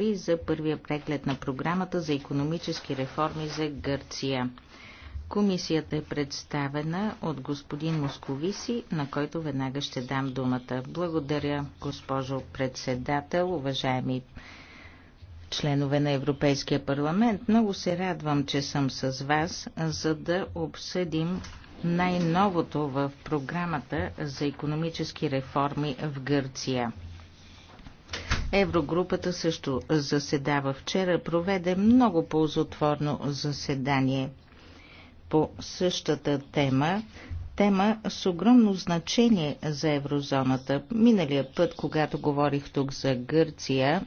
и за първия преглед на програмата за економически реформи за Гърция. Комисията е представена от господин Московиси, на който веднага ще дам думата. Благодаря, госпожо председател, уважаеми членове на Европейския парламент. Много се радвам, че съм с вас, за да обсъдим най-новото в програмата за економически реформи в Гърция. Еврогрупата също заседава вчера, проведе много ползотворно заседание по същата тема, тема с огромно значение за еврозоната. Миналия път, когато говорих тук за Гърция,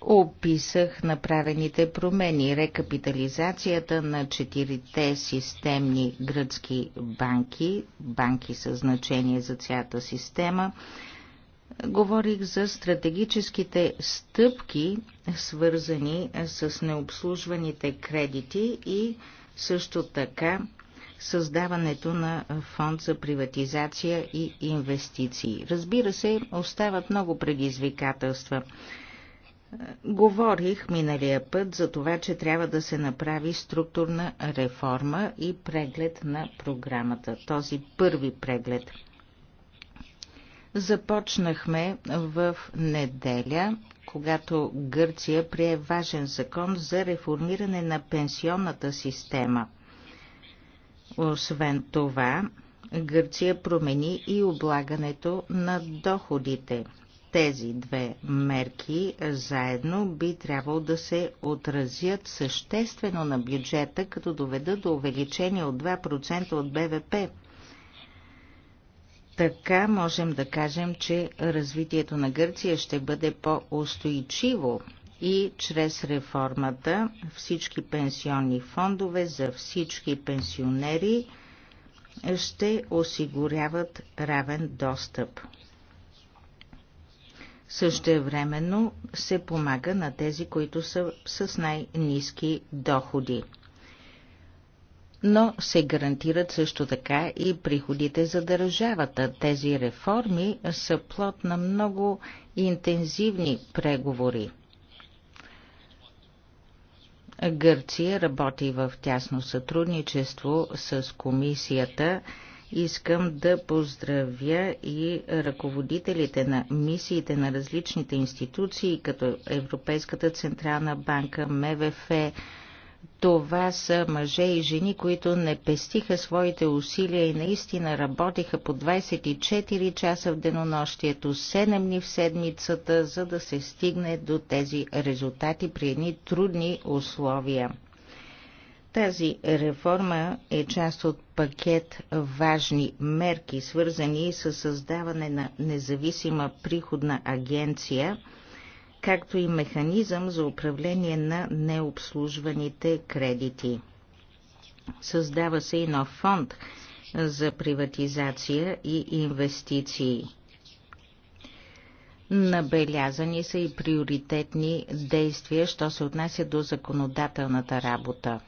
описах направените промени, рекапитализацията на четирите системни гръцки банки, банки със значение за цялата система, Говорих за стратегическите стъпки, свързани с необслужваните кредити и също така създаването на фонд за приватизация и инвестиции. Разбира се, остават много предизвикателства. Говорих миналия път за това, че трябва да се направи структурна реформа и преглед на програмата. Този първи преглед – Започнахме в неделя, когато Гърция прие важен закон за реформиране на пенсионната система. Освен това, Гърция промени и облагането на доходите. Тези две мерки заедно би трябвало да се отразят съществено на бюджета, като доведат до увеличение от 2% от БВП. Така можем да кажем, че развитието на Гърция ще бъде по-устойчиво и чрез реформата всички пенсионни фондове за всички пенсионери ще осигуряват равен достъп. Същевременно се помага на тези, които са с най-низки доходи но се гарантират също така и приходите за държавата. Тези реформи са плод на много интензивни преговори. Гърция работи в тясно сътрудничество с комисията. Искам да поздравя и ръководителите на мисиите на различните институции, като Европейската Централна банка, МВФ, това са мъже и жени, които не пестиха своите усилия и наистина работиха по 24 часа в денонощието, 7 дни в седмицата, за да се стигне до тези резултати при едни трудни условия. Тази реформа е част от пакет важни мерки, свързани с създаване на независима приходна агенция – както и механизъм за управление на необслужваните кредити. Създава се и нов фонд за приватизация и инвестиции. Набелязани са и приоритетни действия, що се отнася до законодателната работа.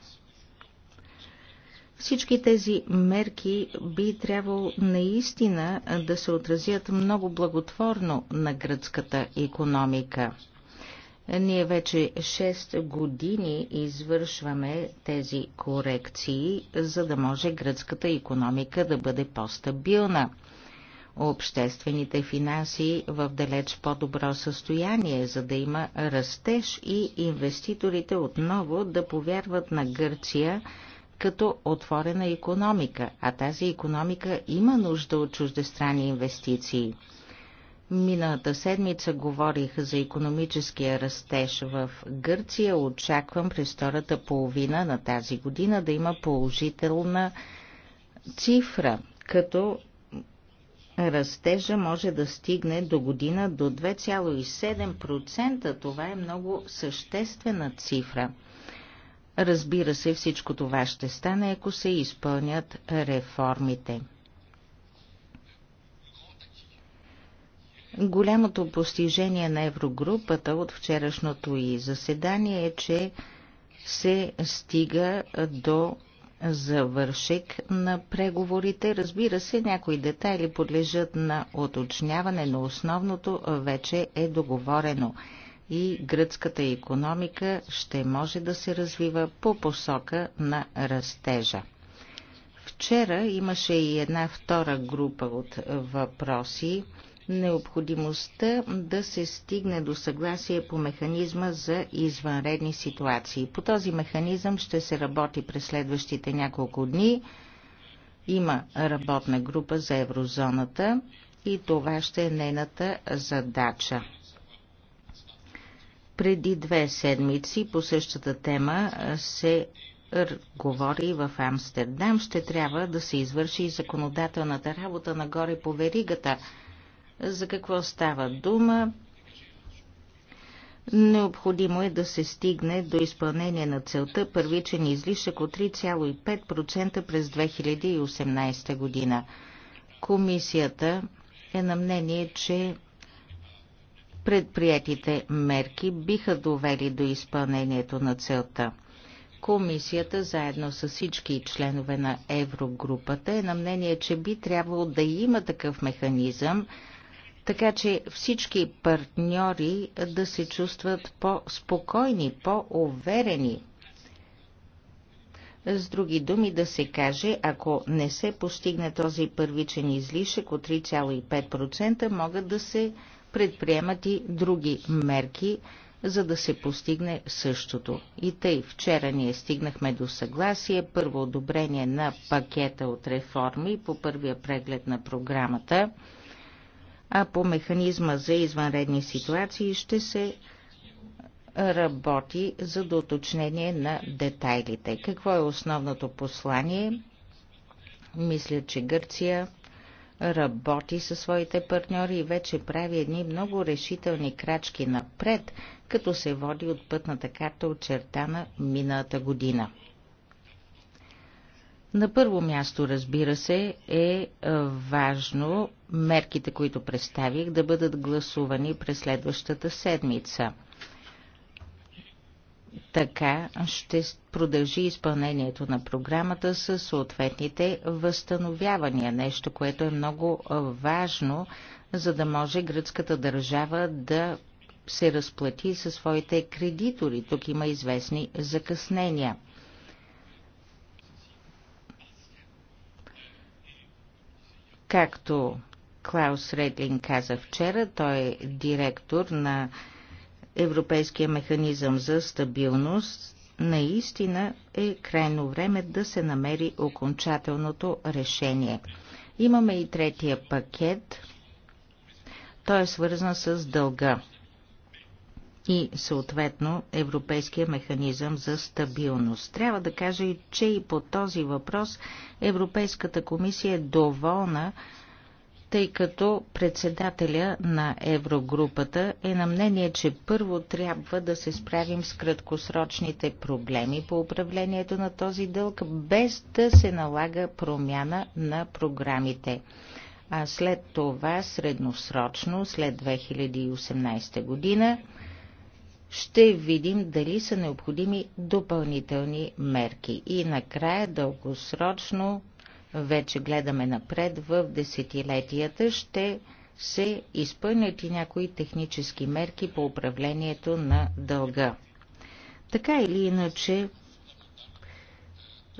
Всички тези мерки би трябвало наистина да се отразят много благотворно на гръцката економика. Ние вече 6 години извършваме тези корекции, за да може гръцката економика да бъде по-стабилна. Обществените финанси в далеч по-добро състояние, за да има растеж и инвеститорите отново да повярват на Гърция – като отворена економика, а тази економика има нужда от чуждестранни инвестиции. Миналата седмица говорих за економическия растеж в Гърция. Очаквам през втората половина на тази година да има положителна цифра, като растежа може да стигне до година до 2,7%. Това е много съществена цифра. Разбира се, всичко това ще стане, ако се изпълнят реформите. Голямото постижение на Еврогрупата от вчерашното и заседание е, че се стига до завършек на преговорите. Разбира се, някои детайли подлежат на оточняване, но основното вече е договорено – и гръцката економика ще може да се развива по посока на растежа. Вчера имаше и една втора група от въпроси. Необходимостта да се стигне до съгласие по механизма за извънредни ситуации. По този механизъм ще се работи през следващите няколко дни. Има работна група за еврозоната и това ще е нейната задача. Преди две седмици по същата тема се говори в Амстердам, ще трябва да се извърши законодателната работа нагоре по веригата. За какво става дума? Необходимо е да се стигне до изпълнение на целта първичен излишък от 3,5% през 2018 година. Комисията е на мнение, че Предприятите мерки биха довели до изпълнението на целта. Комисията, заедно с всички членове на Еврогрупата, е на мнение, че би трябвало да има такъв механизъм, така че всички партньори да се чувстват по-спокойни, по-уверени. С други думи да се каже, ако не се постигне този първичен излишък от 3,5%, могат да се предприемат и други мерки, за да се постигне същото. И тъй вчера ние стигнахме до съгласие, първо одобрение на пакета от реформи по първия преглед на програмата, а по механизма за извънредни ситуации ще се работи за доточнение на детайлите. Какво е основното послание? Мисля, че Гърция работи със своите партньори и вече прави едни много решителни крачки напред, като се води от пътната карта очертана миналата година. На първо място, разбира се, е, е важно мерките, които представих, да бъдат гласувани през следващата седмица. Така ще продължи изпълнението на програмата с съответните възстановявания, нещо, което е много важно, за да може гръцката държава да се разплати със своите кредитори. Тук има известни закъснения. Както Клаус Редлин каза вчера, той е директор на Европейския механизъм за стабилност наистина е крайно време да се намери окончателното решение. Имаме и третия пакет. Той е свързан с дълга и съответно Европейския механизъм за стабилност. Трябва да кажа, че и по този въпрос Европейската комисия е доволна тъй като председателя на Еврогрупата е на мнение, че първо трябва да се справим с краткосрочните проблеми по управлението на този дълг, без да се налага промяна на програмите. А след това, средносрочно, след 2018 година, ще видим дали са необходими допълнителни мерки. И накрая дългосрочно вече гледаме напред в десетилетията, ще се изпълнят и някои технически мерки по управлението на дълга. Така или иначе,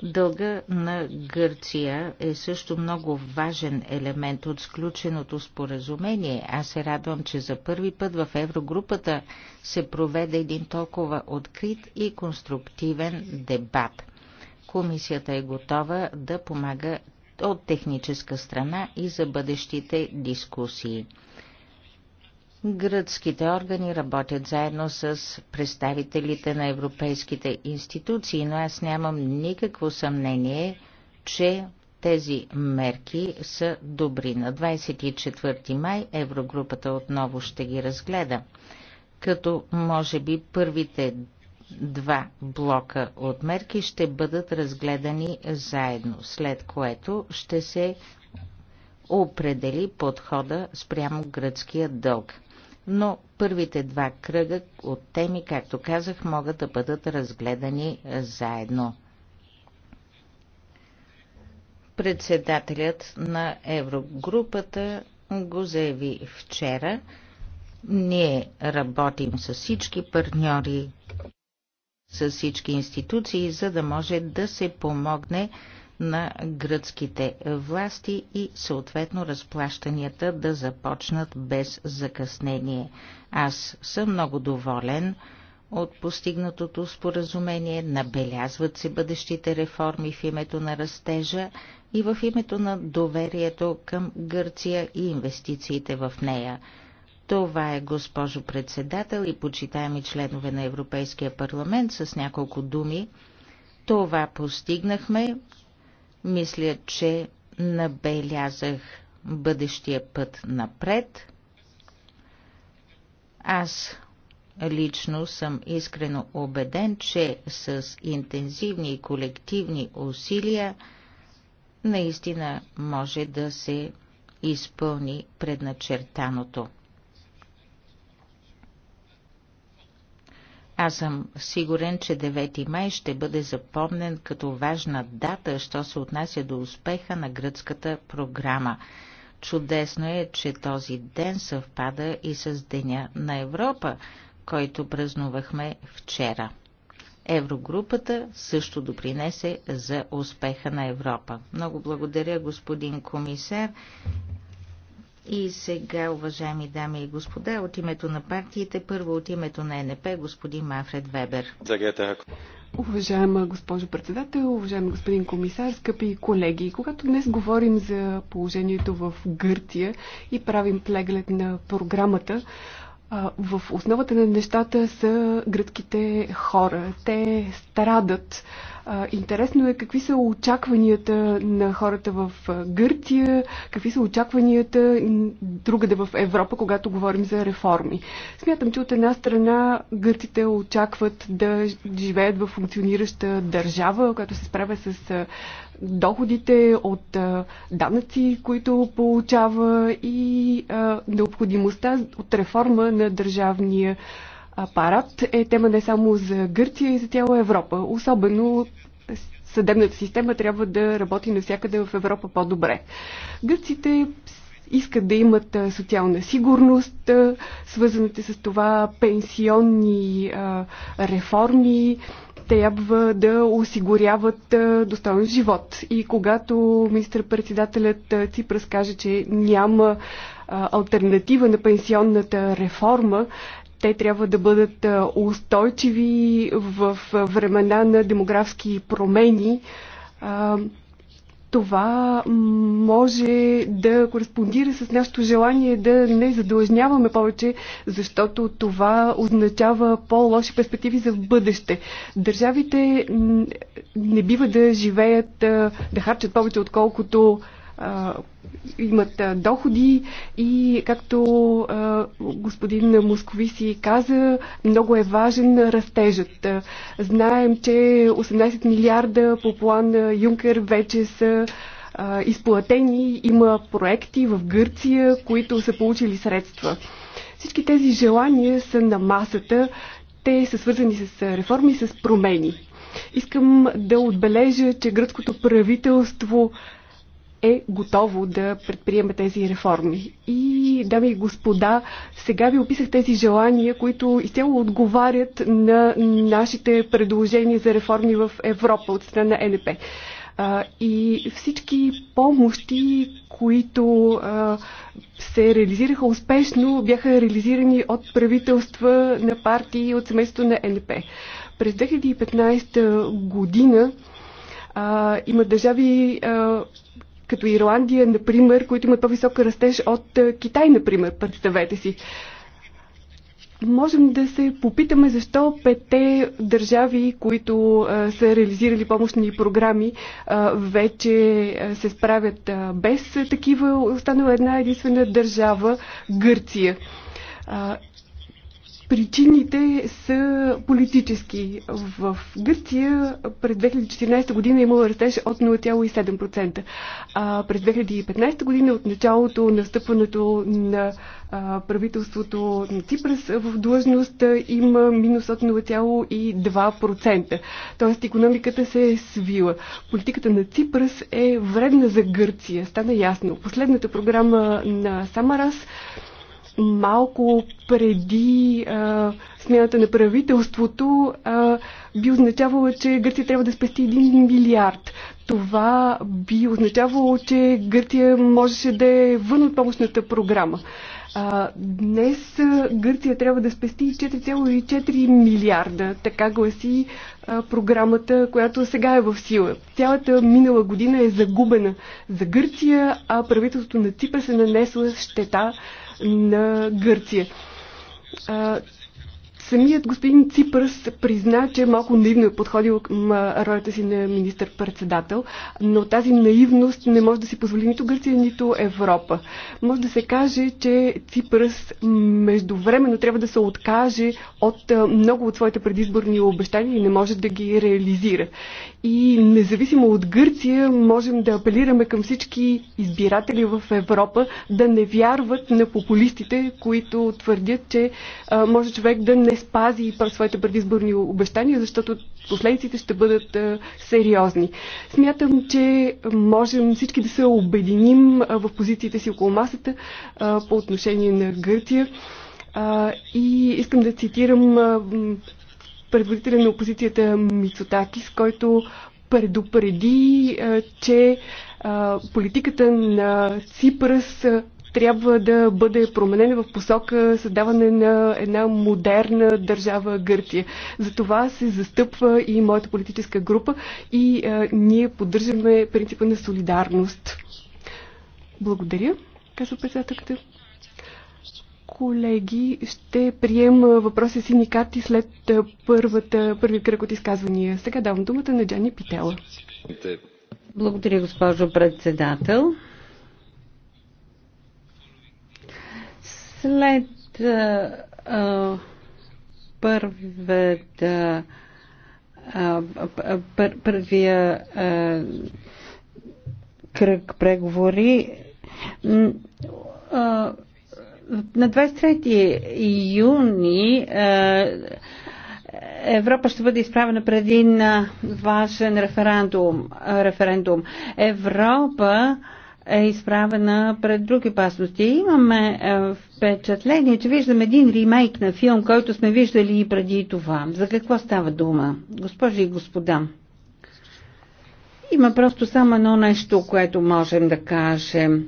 дълга на Гърция е също много важен елемент от сключеното споразумение. Аз се радвам, че за първи път в Еврогрупата се проведе един толкова открит и конструктивен дебат. Комисията е готова да помага от техническа страна и за бъдещите дискусии. Гръцките органи работят заедно с представителите на европейските институции, но аз нямам никакво съмнение, че тези мерки са добри. На 24 май Еврогрупата отново ще ги разгледа, като може би първите два блока от мерки ще бъдат разгледани заедно, след което ще се определи подхода спрямо гръцкия дълг. Но първите два кръга от теми, както казах, могат да бъдат разгледани заедно. Председателят на Еврогрупата го заяви вчера. Ние работим с всички партньори с всички институции, за да може да се помогне на гръцките власти и съответно разплащанията да започнат без закъснение. Аз съм много доволен от постигнатото споразумение, набелязват се бъдещите реформи в името на растежа и в името на доверието към Гърция и инвестициите в нея. Това е, госпожо председател и почитаеми членове на Европейския парламент, с няколко думи. Това постигнахме. Мисля, че набелязах бъдещия път напред. Аз лично съм искрено убеден, че с интензивни и колективни усилия наистина може да се изпълни предначертаното. Аз съм сигурен, че 9 май ще бъде запомнен като важна дата, що се отнася до успеха на гръцката програма. Чудесно е, че този ден съвпада и с Деня на Европа, който празнувахме вчера. Еврогрупата също допринесе за успеха на Европа. Много благодаря, господин комисар. И сега, уважаеми дами и господа, от името на партиите, първо от името на НП, господин Мафред Вебер. Уважаема госпожо председател, уважаеми господин комисар, скъпи колеги, когато днес говорим за положението в Гърция и правим плеглед на програмата, в основата на нещата са гръцките хора. Те страдат Интересно е какви са очакванията на хората в Гърция, какви са очакванията другаде в Европа, когато говорим за реформи. Смятам, че от една страна гърците очакват да живеят в функционираща държава, която се справя с доходите от данъци, които получава и необходимостта от реформа на държавния апарат е тема не само за Гърция и за цяла Европа. Особено съдебната система трябва да работи навсякъде в Европа по-добре. Гърците искат да имат социална сигурност, свързаните с това пенсионни реформи, трябва да осигуряват достоен живот. И когато министър-председателят Ципрас каже, че няма альтернатива на пенсионната реформа, те трябва да бъдат устойчиви в времена на демографски промени. Това може да кореспондира с нашето желание да не задължняваме повече, защото това означава по-лоши перспективи за бъдеще. Държавите не бива да живеят, да харчат повече, отколкото имат доходи и както господин Москови си каза, много е важен растежът. Знаем, че 18 милиарда по план Юнкер вече са изплатени. Има проекти в Гърция, които са получили средства. Всички тези желания са на масата. Те са свързани с реформи, с промени. Искам да отбележа, че гръцкото правителство е готово да предприеме тези реформи. И, дами и господа, сега ви описах тези желания, които изцяло отговарят на нашите предложения за реформи в Европа от страна на НП. И всички помощи, които се реализираха успешно, бяха реализирани от правителства на партии от семейството на НП. През 2015 година а, има държави, а, като Ирландия, например, които имат по-висок растеж от е, Китай, например, представете си. Можем да се попитаме защо пете държави, които а, е, са реализирали помощни програми, а, е, вече а, се справят а, без такива. Останала една единствена държава Гърция. А, Причините са политически. В Гърция през 2014 година е имало растеж от 0,7%. А през 2015 година от началото на стъпването на правителството на Ципрас в длъжност има минус от 0,2%. Тоест економиката се е свила. Политиката на Ципрас е вредна за Гърция. Стана ясно. Последната програма на Самарас малко преди а, смяната на правителството а, би означавало, че Гърция трябва да спести 1 милиард. Това би означавало, че Гърция можеше да е вън от помощната програма. А, днес Гърция трябва да спести 4,4 милиарда. Така гласи а, програмата, която сега е в сила. Цялата минала година е загубена за Гърция, а правителството на ЦИПА се нанесла щета на Гърция. Самият господин Ципърс призна, че малко наивно е подходил към ролята си на министър-председател, но тази наивност не може да си позволи нито Гърция, нито Европа. Може да се каже, че Ципърс междувременно трябва да се откаже от много от своите предизборни обещания и не може да ги реализира. И независимо от Гърция, можем да апелираме към всички избиратели в Европа да не вярват на популистите, които твърдят, че може човек да не спази своите предизборни обещания, защото последиците ще бъдат сериозни. Смятам, че можем всички да се обединим в позициите си около масата по отношение на Гърция. И искам да цитирам предводителя на опозицията Мицотакис, който предупреди, че политиката на Ципрас трябва да бъде променен в посока създаване на една модерна държава Гърция. За това се застъпва и моята политическа група и а, ние поддържаме принципа на солидарност. Благодаря, казва председателката. Колеги, ще приема въпроса си Никати след първата, първи кръг от изказвания. Сега давам думата на Джани Питела. Благодаря, госпожо председател. След а, а, първата а, пър, първия а, кръг преговори а, на 23 юни а, Европа ще бъде изправена преди един важен референдум. референдум. Европа а, е изправена пред други опасности. Имаме е, впечатление, че виждам един ремейк на филм, който сме виждали и преди това. За какво става дума? Госпожи и господа, има просто само едно нещо, което можем да кажем.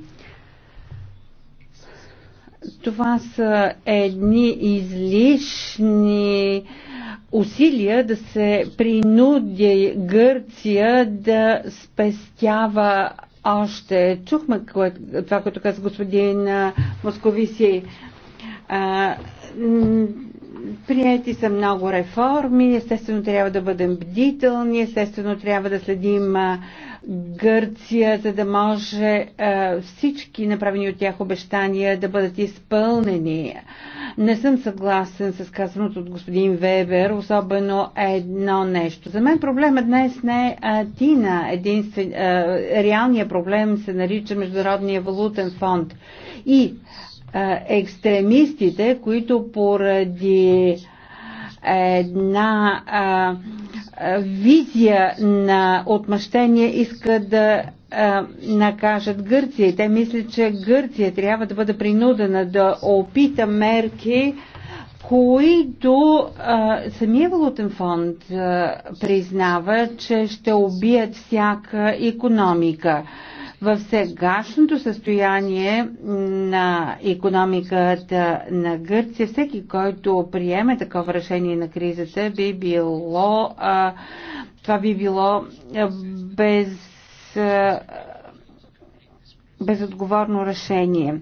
Това са едни излишни усилия да се принуди Гърция да спестява още. Чухме това, което каза господин Московиси. Прияти са много реформи, естествено трябва да бъдем бдителни, естествено трябва да следим Гърция, за да може всички направени от тях обещания да бъдат изпълнени. Не съм съгласен с казаното от господин Вебер, особено едно нещо. За мен проблема днес не е Атина. Единствен, а, реалният проблем се нарича Международния валутен фонд. И а, екстремистите, които поради една а, а, визия на отмъщение, иска да а, накажат Гърция. те мислят, че Гърция трябва да бъде принудена да опита мерки, които а, самия валутен фонд а, признава, че ще убият всяка економика. А, в сегашното състояние на економиката на Гърция, всеки, който приеме такова решение на кризата, би било, това би било без, безотговорно решение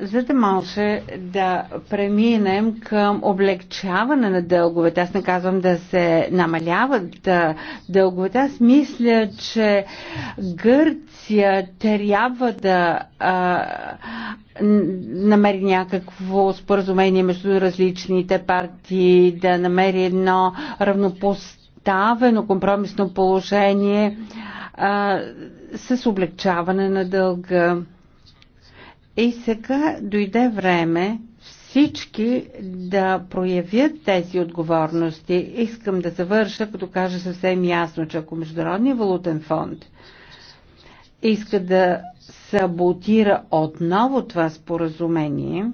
за да може да преминем към облегчаване на дълговете. Аз не казвам да се намаляват дълговете. Аз мисля, че Гърция трябва да а, намери някакво споразумение между различните партии, да намери едно равнопоставено компромисно положение а, с облегчаване на дълга. И сега дойде време всички да проявят тези отговорности. Искам да завърша, като кажа съвсем ясно, че ако Международния валутен фонд иска да саботира отново това споразумение,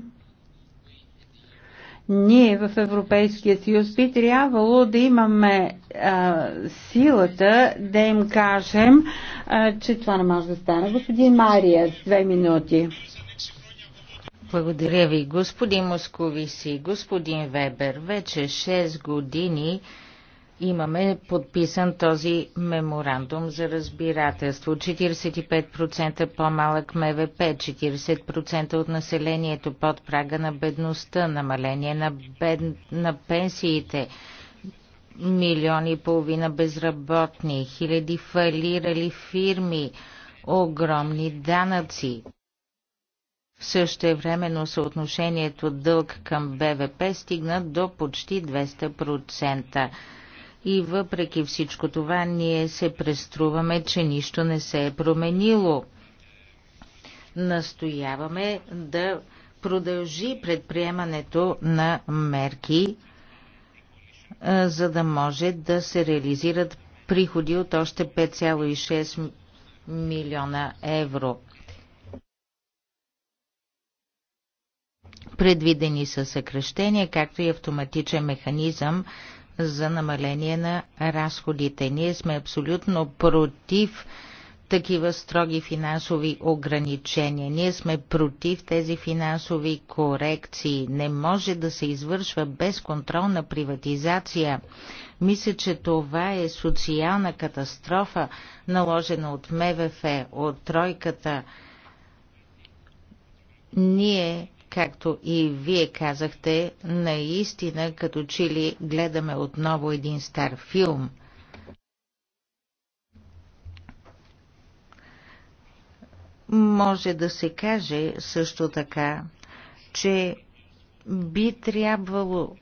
ние в Европейския съюз би трябвало да имаме а, силата да им кажем, а, че това не може да стане. Господин Мария, две минути. Благодаря ви, господин Московиси, господин Вебер. Вече 6 години имаме подписан този меморандум за разбирателство. 45% по-малък МВП, 40% от населението под прага на бедността, намаление на, бед... на пенсиите, милиони и половина безработни, хиляди фалирали фирми, огромни данъци. В времено съотношението дълг към БВП стигна до почти 200%. И въпреки всичко това, ние се преструваме, че нищо не се е променило. Настояваме да продължи предприемането на мерки, за да може да се реализират приходи от още 5,6 милиона евро. Предвидени са съкръщения, както и автоматичен механизъм за намаление на разходите. Ние сме абсолютно против такива строги финансови ограничения. Ние сме против тези финансови корекции. Не може да се извършва безконтролна приватизация. Мисля, че това е социална катастрофа, наложена от МВФ, от тройката. Ние Както и вие казахте, наистина като че ли гледаме отново един стар филм. Може да се каже също така, че би трябвало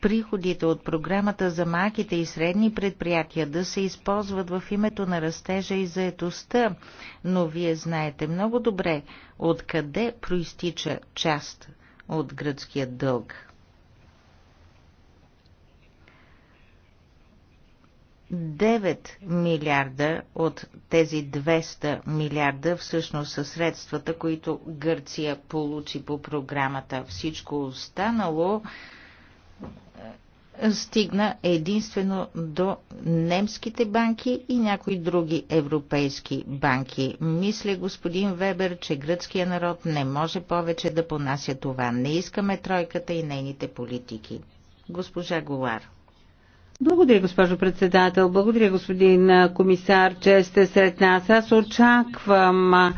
приходите от програмата за малките и средни предприятия да се използват в името на растежа и заетостта, но вие знаете много добре откъде проистича част от гръцкия дълг. Девет милиарда от тези 200 милиарда всъщност са средствата, които Гърция получи по програмата. Всичко останало стигна единствено до немските банки и някои други европейски банки. Мисля, господин Вебер, че гръцкия народ не може повече да понася това. Не искаме тройката и нейните политики. Госпожа Голар. Благодаря, госпожо председател. Благодаря, господин комисар, че сте сред нас. Аз очаквам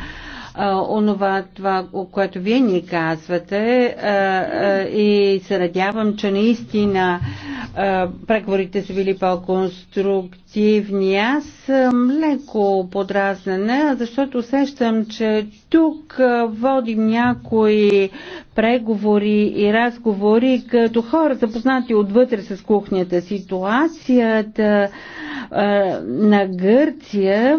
онова, това, което вие ни казвате и се надявам, че наистина преговорите са били по-конструктивни. Аз съм леко подразнена, защото усещам, че тук водим някои преговори и разговори като хора запознати отвътре с кухнята. Ситуацията на Гърция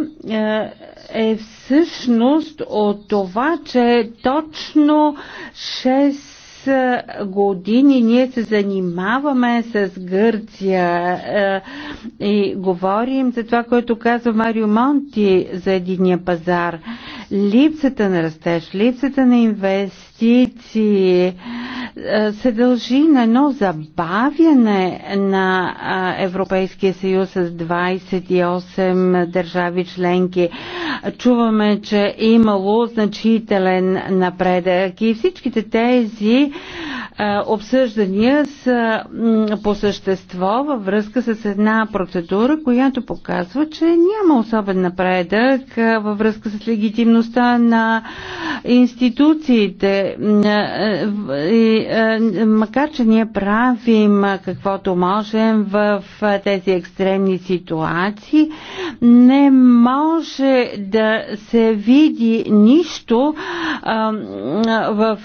е всъщност от това, че точно 6 години ние се занимаваме с Гърция е, и говорим за това, което казва Марио Монти за единия пазар. Липсата на растеж, липсата на инвестиции, инвестиции е, се дължи на едно забавяне на Европейския съюз с 28 държави членки. Чуваме, че е имало значителен напредък и всичките тези е, обсъждания са по същество във връзка с една процедура, която показва, че няма особен напредък е, във връзка с легитимността на институциите е, е, макар, че ние правим каквото можем в тези екстремни ситуации, не може да се види нищо в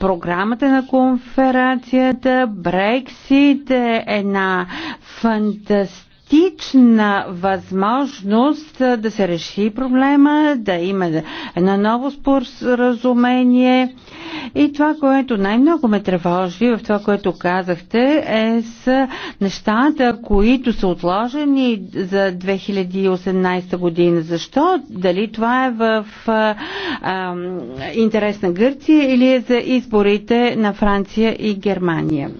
програмата на конференцията. Брексит е една фантастична драстична възможност да се реши проблема, да има едно ново споразумение. И това, което най-много ме тревожи в това, което казахте, е с нещата, които са отложени за 2018 година. Защо? Дали това е в а, а, интерес на Гърция или е за изборите на Франция и Германия?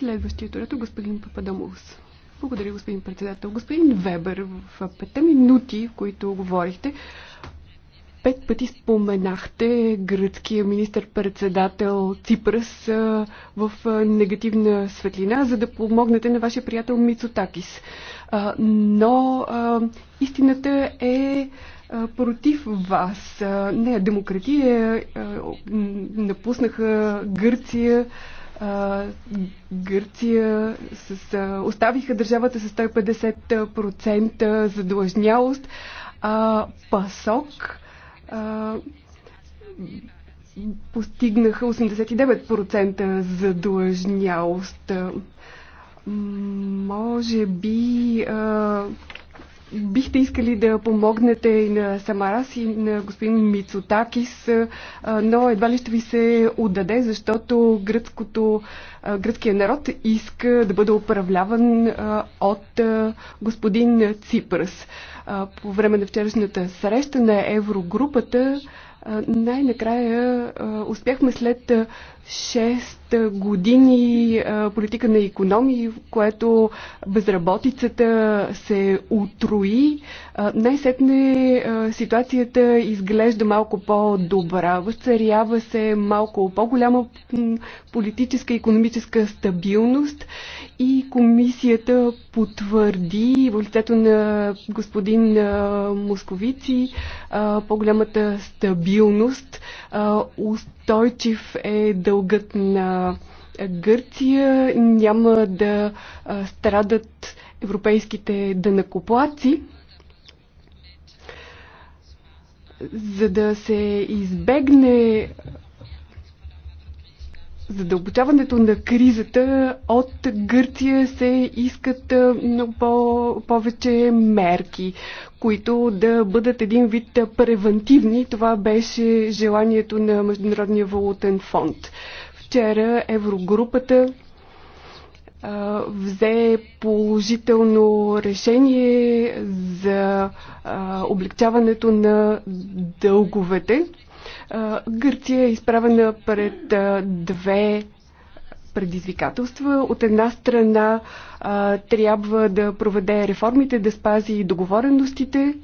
Следващият оратор господин Пападамус. Благодаря, господин председател. Господин Вебер, в петте минути, в които говорихте, пет пъти споменахте гръцкия министр-председател Ципрас в негативна светлина, за да помогнете на вашия приятел Мицотакис. Но истината е против вас. Не, демократия напуснаха Гърция а, Гърция с, а, оставиха държавата с 150% задлъжнялост, а Пасок а, постигнаха 89% задлъжнялост. Може би а, бихте искали да помогнете и на Самарас и на господин Мицотакис, но едва ли ще ви се отдаде, защото гръцкото, гръцкият народ иска да бъде управляван от господин Ципърс. По време на вчерашната среща на Еврогрупата най-накрая успяхме след Шест години политика на економии, в което безработицата се утрои. Най-сетне ситуацията изглежда малко по-добра. Възцарява се малко по-голяма политическа и економическа стабилност и комисията потвърди в лицето на господин Московици по-голямата стабилност. Устойчив е дълг дългът на Гърция, няма да страдат европейските дънакоплаци. За да се избегне задълбочаването на кризата от Гърция се искат много по- повече мерки, които да бъдат един вид превентивни. Това беше желанието на Международния валутен фонд. Вчера Еврогрупата а, взе положително решение за а, облегчаването на дълговете Гърция е изправена пред две предизвикателства. От една страна трябва да проведе реформите, да спази договореностите.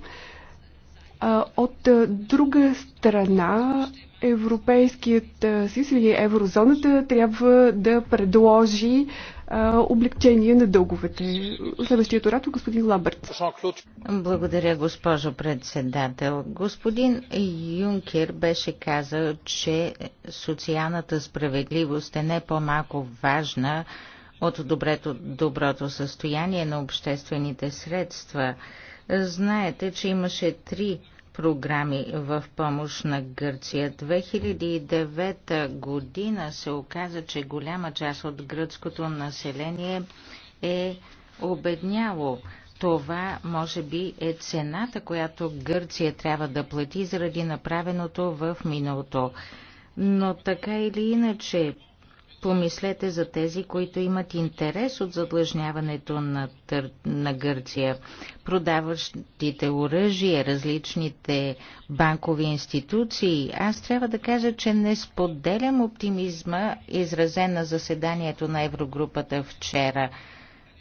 От друга страна Европейският съюз или еврозоната трябва да предложи облегчение на дълговете. Следващият оратор, господин Лаберт. Благодаря, госпожо председател. Господин Юнкер беше казал, че социалната справедливост е не по-малко важна от доброто, доброто състояние на обществените средства. Знаете, че имаше три програми в помощ на Гърция. 2009 година се оказа, че голяма част от гръцкото население е обедняло. Това, може би, е цената, която Гърция трябва да плати заради направеното в миналото. Но така или иначе, Помислете за тези, които имат интерес от задлъжняването на, Тър... на Гърция. Продаващите оръжие, различните банкови институции. Аз трябва да кажа, че не споделям оптимизма, изразен на заседанието на Еврогрупата вчера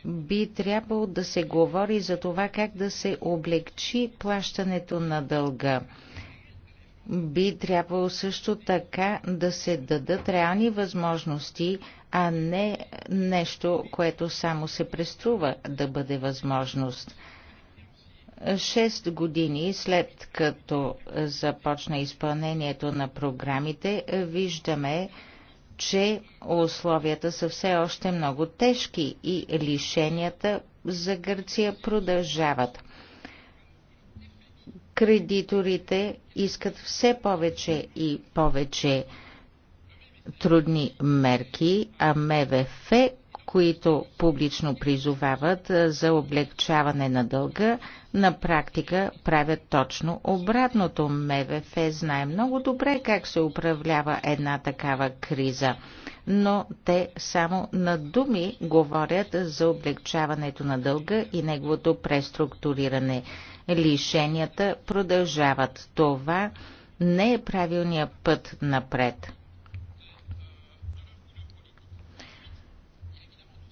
би трябвало да се говори за това как да се облегчи плащането на дълга би трябвало също така да се дадат реални възможности, а не нещо, което само се преструва да бъде възможност. Шест години след като започна изпълнението на програмите, виждаме, че условията са все още много тежки и лишенията за Гърция продължават кредиторите искат все повече и повече трудни мерки, а МВФ, които публично призовават за облегчаване на дълга, на практика правят точно обратното. МВФ знае много добре как се управлява една такава криза, но те само на думи говорят за облегчаването на дълга и неговото преструктуриране лишенията продължават. Това не е правилният път напред.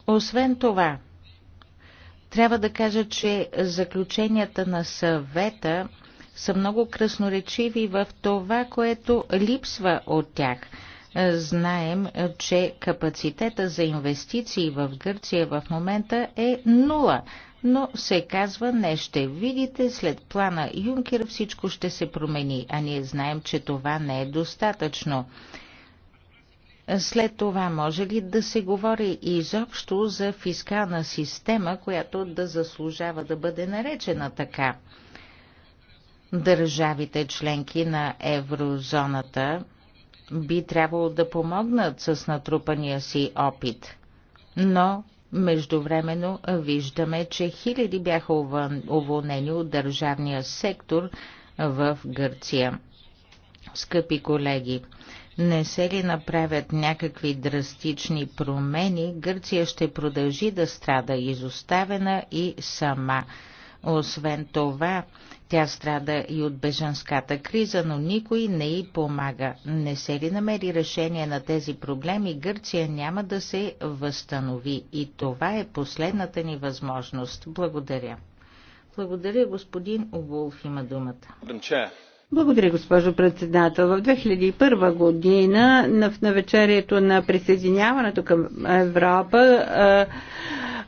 Освен това, трябва да кажа, че заключенията на съвета са много красноречиви в това, което липсва от тях. Знаем, че капацитета за инвестиции в Гърция в момента е нула, но се казва не ще видите, след плана Юнкер всичко ще се промени, а ние знаем, че това не е достатъчно. След това може ли да се говори изобщо за фискална система, която да заслужава да бъде наречена така? Държавите членки на еврозоната би трябвало да помогнат с натрупания си опит, но Междувременно виждаме, че хиляди бяха уволнени от държавния сектор в Гърция. Скъпи колеги, не се ли направят някакви драстични промени, Гърция ще продължи да страда изоставена и сама. Освен това, тя страда и от бежанската криза, но никой не й помага. Не се ли намери решение на тези проблеми, Гърция няма да се възстанови. И това е последната ни възможност. Благодаря. Благодаря, господин Овулф има думата. Благодаря, госпожо председател. В 2001 година в навечерието на присъединяването към Европа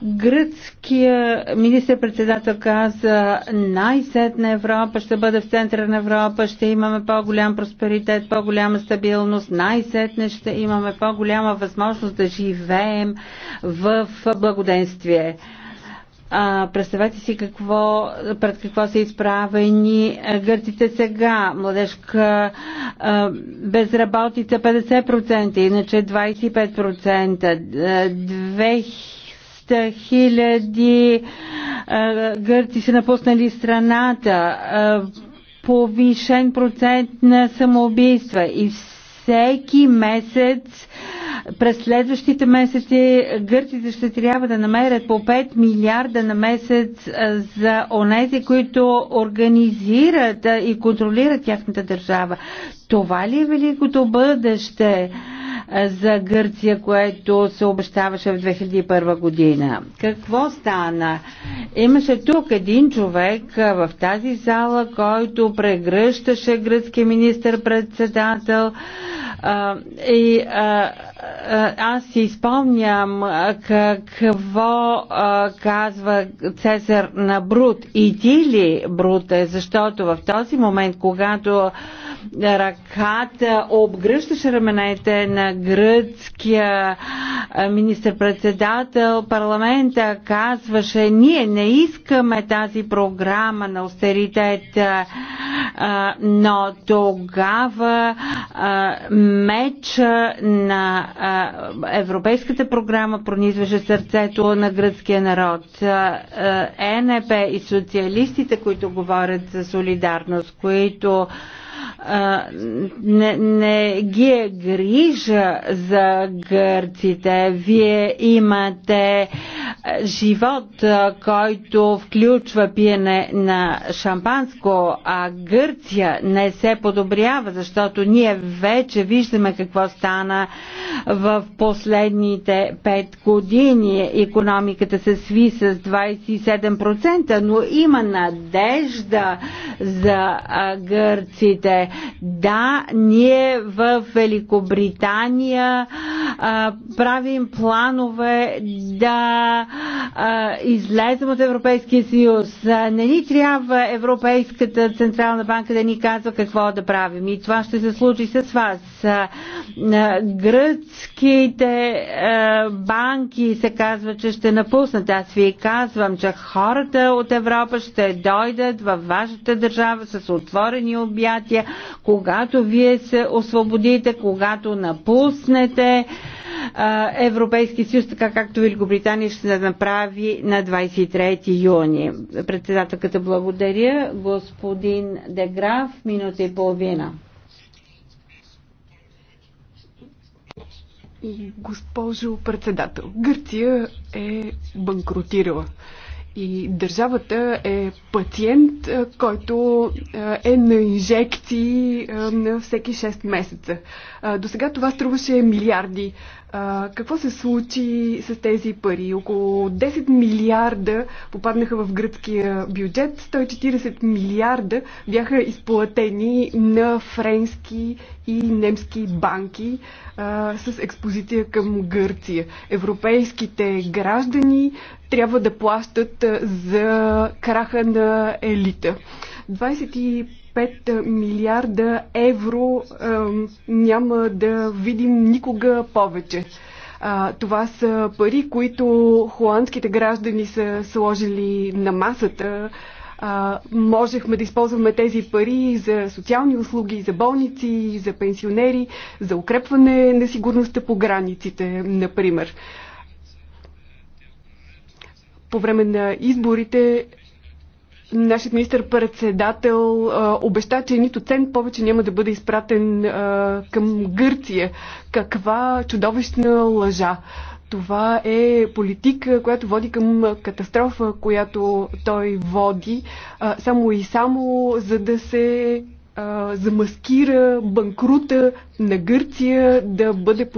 гръцкия министр-председател каза най-сетна Европа ще бъде в центъра на Европа, ще имаме по-голям просперитет, по-голяма стабилност, най-сетне ще имаме по-голяма възможност да живеем в благоденствие. А, представете си какво, пред какво са изправени гърците сега. Младежка а, безработица 50%, иначе 25%. 200 хиляди гърци са напуснали страната, повишен процент на самоубийства и всеки месец, през следващите месеци, гърците ще трябва да намерят по 5 милиарда на месец за онези, които организират и контролират тяхната държава. Това ли е великото бъдеще? за Гърция, което се обещаваше в 2001 година. Какво стана? Имаше тук един човек в тази зала, който прегръщаше гръцки министър-председател и а, е, аз си спомням е, какво е, казва Цезар на Брут. И ти ли, Бруте, защото в този момент, когато ръката обгръщаше раменете на гръцкия министр-председател, парламента казваше, ние не искаме тази програма на austeritet, но тогава меча на Европейската програма пронизваше сърцето на гръцкия народ. Е ЕНП е и социалистите, които говорят за солидарност, които не, не ги е грижа за гърците. Вие имате живот, който включва пиене на шампанско, а Гърция не се подобрява, защото ние вече виждаме какво стана в последните пет години. Економиката се сви с 27%, но има надежда за гърците да, ние в Великобритания а, правим планове да а, излезем от Европейския съюз. Не ни трябва Европейската Централна банка да ни казва какво да правим. И това ще се случи с вас. Гръцките а, банки се казва, че ще напуснат. Аз ви казвам, че хората от Европа ще дойдат във вашата държава с отворени обятия когато вие се освободите, когато напуснете Европейски съюз, така както Великобритания ще се направи на 23 юни. Председателката благодаря. Господин Деграф, минута и половина. Госпожо председател, Гърция е банкротирала. И държавата е пациент, е, който е, е на инжекции е, на всеки 6 месеца. До сега това струваше милиарди а, какво се случи с тези пари? Около 10 милиарда попаднаха в гръцкия бюджет, 140 милиарда бяха изплатени на френски и немски банки а, с експозиция към Гърция. Европейските граждани трябва да плащат за краха на елита. 25 5 милиарда евро няма да видим никога повече. Това са пари, които холандските граждани са сложили на масата. Можехме да използваме тези пари за социални услуги, за болници, за пенсионери, за укрепване на сигурността по границите, например по време на изборите Нашият министр-председател обеща, че нито цент повече няма да бъде изпратен а, към Гърция. Каква чудовищна лъжа! Това е политика, която води към катастрофа, която той води, а, само и само за да се а, замаскира банкрута на Гърция, да бъде и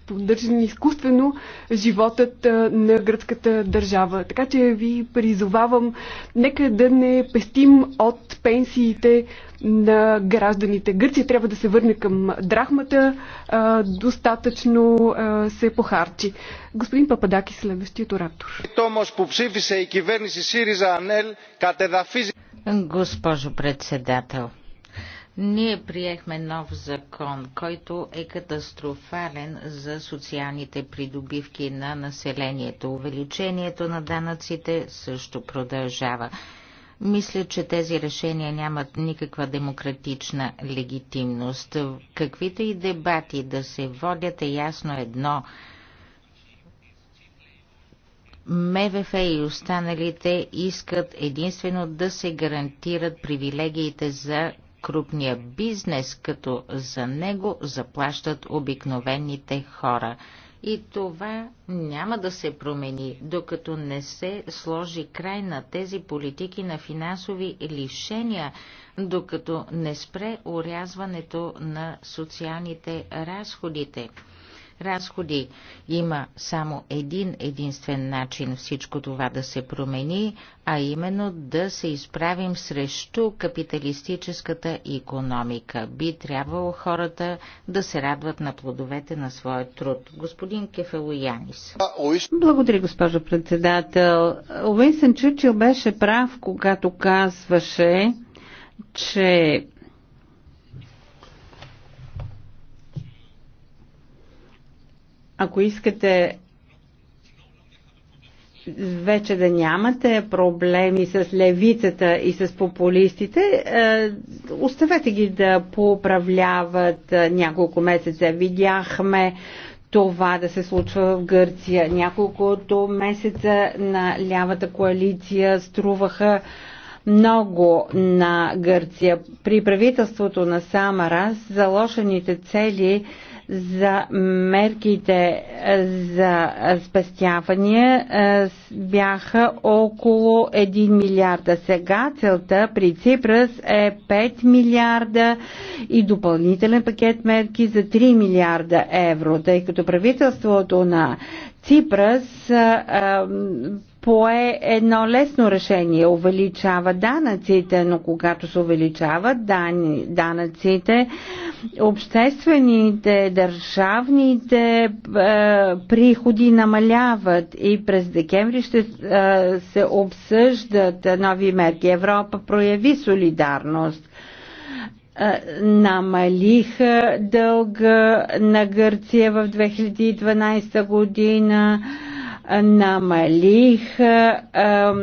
поддържан изкуствено животът а, на гръцката държава. Така че ви призовавам, нека да не пестим от пенсиите на гражданите. Гърция трябва да се върне към драхмата, а, достатъчно а, се похарчи. Господин Пападаки, следващият оратор. Томос Госпожо председател, ние приехме нов закон, който е катастрофален за социалните придобивки на населението. Увеличението на данъците също продължава. Мисля, че тези решения нямат никаква демократична легитимност. Каквито и дебати да се водят е ясно едно. МВФ и останалите искат единствено да се гарантират привилегиите за крупния бизнес, като за него заплащат обикновените хора. И това няма да се промени, докато не се сложи край на тези политики на финансови лишения, докато не спре урязването на социалните разходите разходи. Има само един единствен начин всичко това да се промени, а именно да се изправим срещу капиталистическата економика. Би трябвало хората да се радват на плодовете на своя труд. Господин Янис. Благодаря, госпожо председател. Уинсън Чучил беше прав, когато казваше, че Ако искате вече да нямате проблеми с левицата и с популистите, е, оставете ги да поуправляват е, няколко месеца. Видяхме това да се случва в Гърция. Няколкото месеца на лявата коалиция струваха много на Гърция. При правителството на Самарас заложените цели за мерките за спестявания е, бяха около 1 милиарда. Сега целта при Ципрас е 5 милиарда и допълнителен пакет мерки за 3 милиарда евро, тъй като правителството на Ципрас пое едно лесно решение увеличава данъците, но когато се увеличават данъците, обществените, държавните е, приходи намаляват и през декември ще е, се обсъждат нови мерки. Европа прояви солидарност намалиха дълга на Гърция в 2012 година намалих а, а,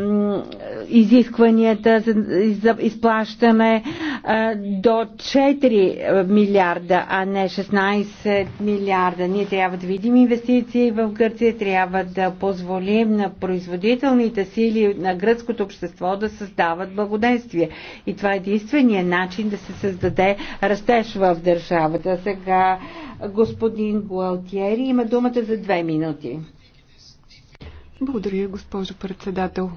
изискванията за, за изплащане а, до 4 милиарда, а не 16 милиарда. Ние трябва да видим инвестиции в Гърция, трябва да позволим на производителните сили на гръцкото общество да създават благоденствие. И това е единствения начин да се създаде растеж в държавата. Сега господин Гуалтиери има думата за две минути. Благодаря, госпожо председател.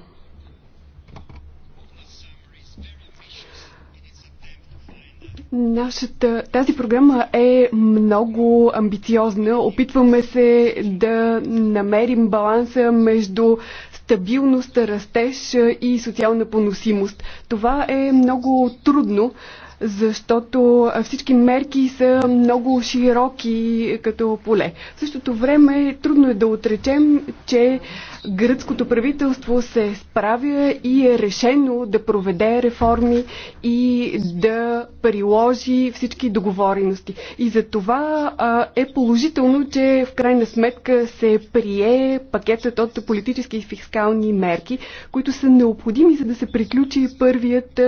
Нашата, тази програма е много амбициозна. Опитваме се да намерим баланса между стабилност, растеж и социална поносимост. Това е много трудно, защото всички мерки са много широки като поле. В същото време трудно е да отречем, че Гръцкото правителство се справя и е решено да проведе реформи и да приложи всички договорености. И за това а, е положително, че в крайна сметка се прие пакетът от политически и фискални мерки, които са необходими, за да се приключи първият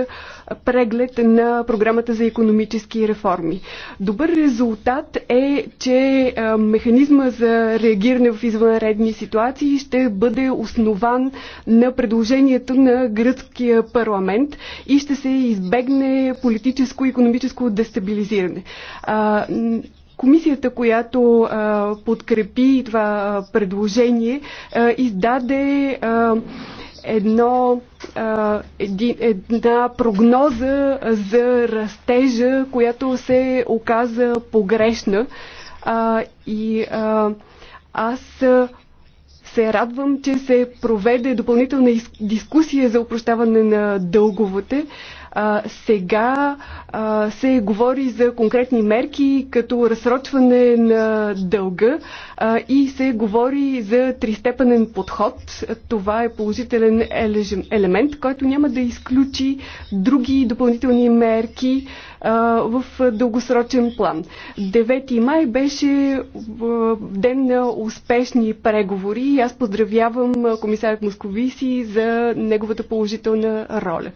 преглед на програмата за економически реформи. Добър резултат е, че механизма за реагиране в извънредни ситуации ще бъде бъде основан на предложението на гръцкия парламент и ще се избегне политическо и економическо дестабилизиране. Комисията, която а, подкрепи това предложение, а, издаде а, едно, а, един, една прогноза за растежа, която се оказа погрешна. А, и а, аз се радвам, че се проведе допълнителна дискусия за упрощаване на дълговете. А, сега а, се говори за конкретни мерки, като разсрочване на дълга а, и се говори за тристепенен подход. Това е положителен елемент, който няма да изключи други допълнителни мерки в дългосрочен план. 9 май беше ден на успешни преговори и аз поздравявам комисарят Московиси за неговата положителна роля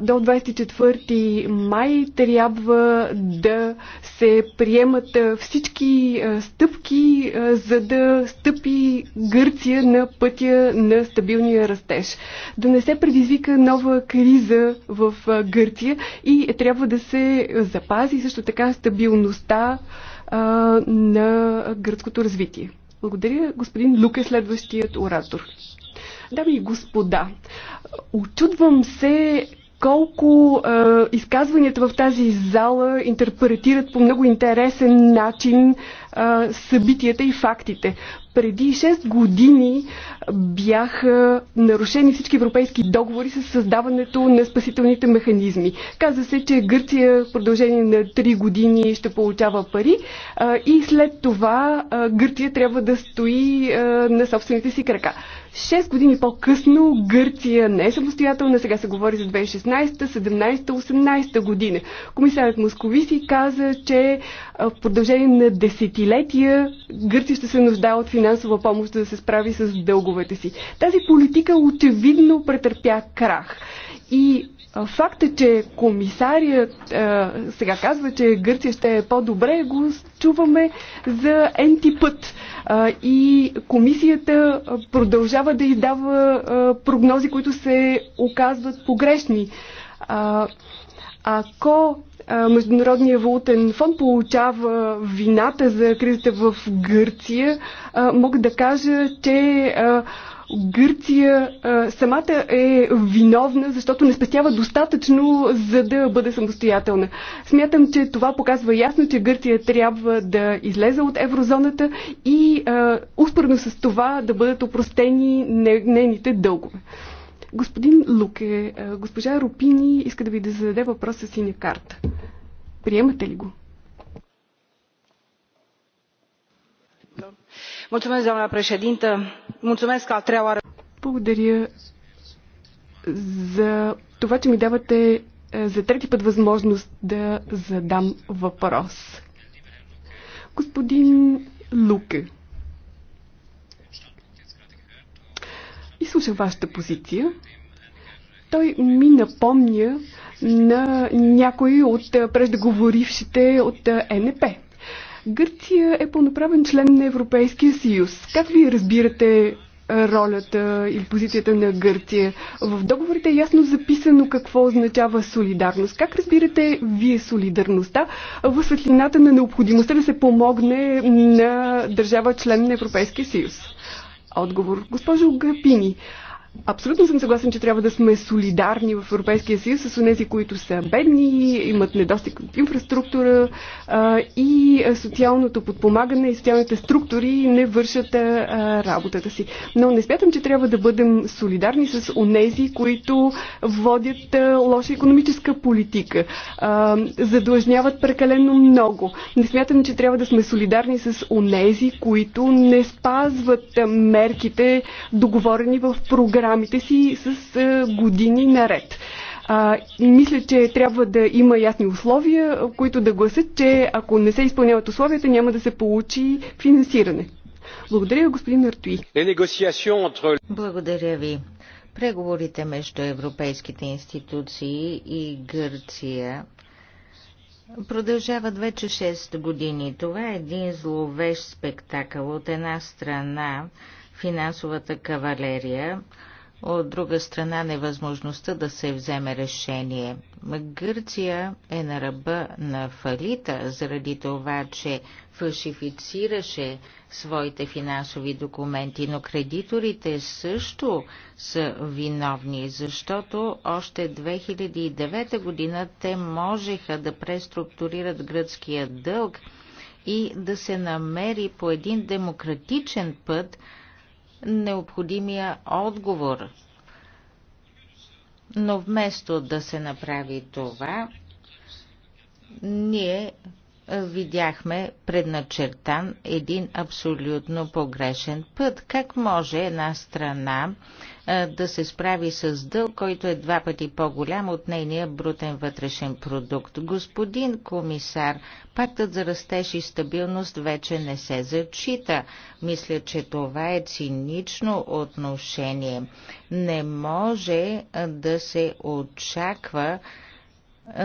до 24 май трябва да се приемат всички стъпки, за да стъпи Гърция на пътя на стабилния растеж. Да не се предизвика нова криза в Гърция и трябва да се запази също така стабилността на гръцкото развитие. Благодаря, господин Лука, следващият оратор. Дами и господа, очудвам се колко е, изказванията в тази зала интерпретират по много интересен начин е, събитията и фактите. Преди 6 години бяха нарушени всички европейски договори с създаването на спасителните механизми. Каза се, че Гърция в продължение на 3 години ще получава пари е, и след това е, Гърция трябва да стои е, на собствените си крака. Шест години по-късно Гърция не е самостоятелна, сега се говори за 2016, 17, 18 година. Комисарът Московиси каза, че в продължение на десетилетия Гърция ще се нуждае от финансова помощ, за да се справи с дълговете си. Тази политика очевидно претърпя крах. И Факта, че комисарият а, сега казва, че Гърция ще е по-добре, го чуваме за енти път и комисията продължава да издава прогнози, които се оказват погрешни. Ако Международният валутен фонд получава вината за кризата в Гърция, мога да кажа, че Гърция а, самата е виновна, защото не спестява достатъчно, за да бъде самостоятелна. Смятам, че това показва ясно, че Гърция трябва да излезе от еврозоната и а, успоредно с това да бъдат опростени нейните дългове. Господин Луке, госпожа Рупини иска да ви да зададе въпроса с синя карта. Приемате ли го? doamnă președintă mulțumesc a treia oară. Благодаря за това, че ми давате е, за трети път възможност да задам въпрос. Господин Луке, изслушах вашата позиция. Той ми напомня на някои от преждеговорившите от е, НП. Гърция е пълноправен член на Европейския съюз. Как вие разбирате ролята и позицията на Гърция? В договорите е ясно записано какво означава солидарност. Как разбирате вие солидарността в светлината на необходимостта да се помогне на държава член на Европейския съюз? Отговор. Госпожо Гапини. Абсолютно съм съгласен, че трябва да сме солидарни в Европейския съюз с тези, които са бедни, имат недостиг от инфраструктура а, и социалното подпомагане и социалните структури не вършат а, работата си. Но не смятам, че трябва да бъдем солидарни с онези, които водят а, лоша економическа политика, а, задлъжняват прекалено много. Не смятам, че трябва да сме солидарни с онези, които не спазват мерките, договорени в програмата рамите си с е, години наред. А, мисля, че трябва да има ясни условия, е, които да гласят, че ако не се изпълняват условията, няма да се получи финансиране. Благодаря, господин Артуи. Благодаря ви. Преговорите между европейските институции и Гърция продължават вече 6 години. Това е един зловещ спектакъл. От една страна финансовата кавалерия, от друга страна, невъзможността да се вземе решение. Гърция е на ръба на фалита заради това, че фалшифицираше своите финансови документи, но кредиторите също са виновни, защото още 2009 година те можеха да преструктурират гръцкия дълг и да се намери по един демократичен път – необходимия отговор. Но вместо да се направи това, ние видяхме предначертан един абсолютно погрешен път. Как може една страна да се справи с дълг, който е два пъти по-голям от нейния брутен вътрешен продукт? Господин комисар, пактът за растеж и стабилност вече не се зачита. Мисля, че това е цинично отношение. Не може да се очаква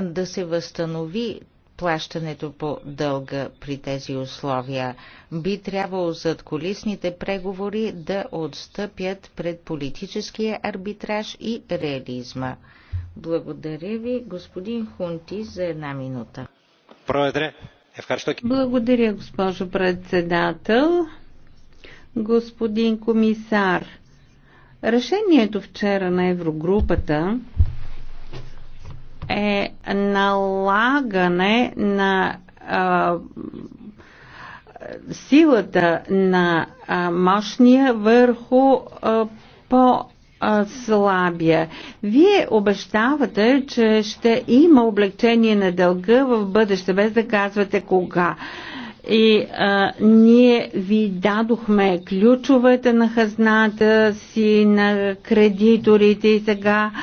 да се възстанови плащането по дълга при тези условия. Би трябвало зад колисните преговори да отстъпят пред политическия арбитраж и реализма. Благодаря ви, господин Хунти, за една минута. Е Благодаря, госпожо председател. Господин комисар, решението вчера на Еврогрупата е налагане на а, силата на а, мощния върху а, по слабия. Вие обещавате, че ще има облегчение на дълга в бъдеще, без да казвате кога. И а, ние ви дадохме ключовете на хазната си, на кредиторите и сега а,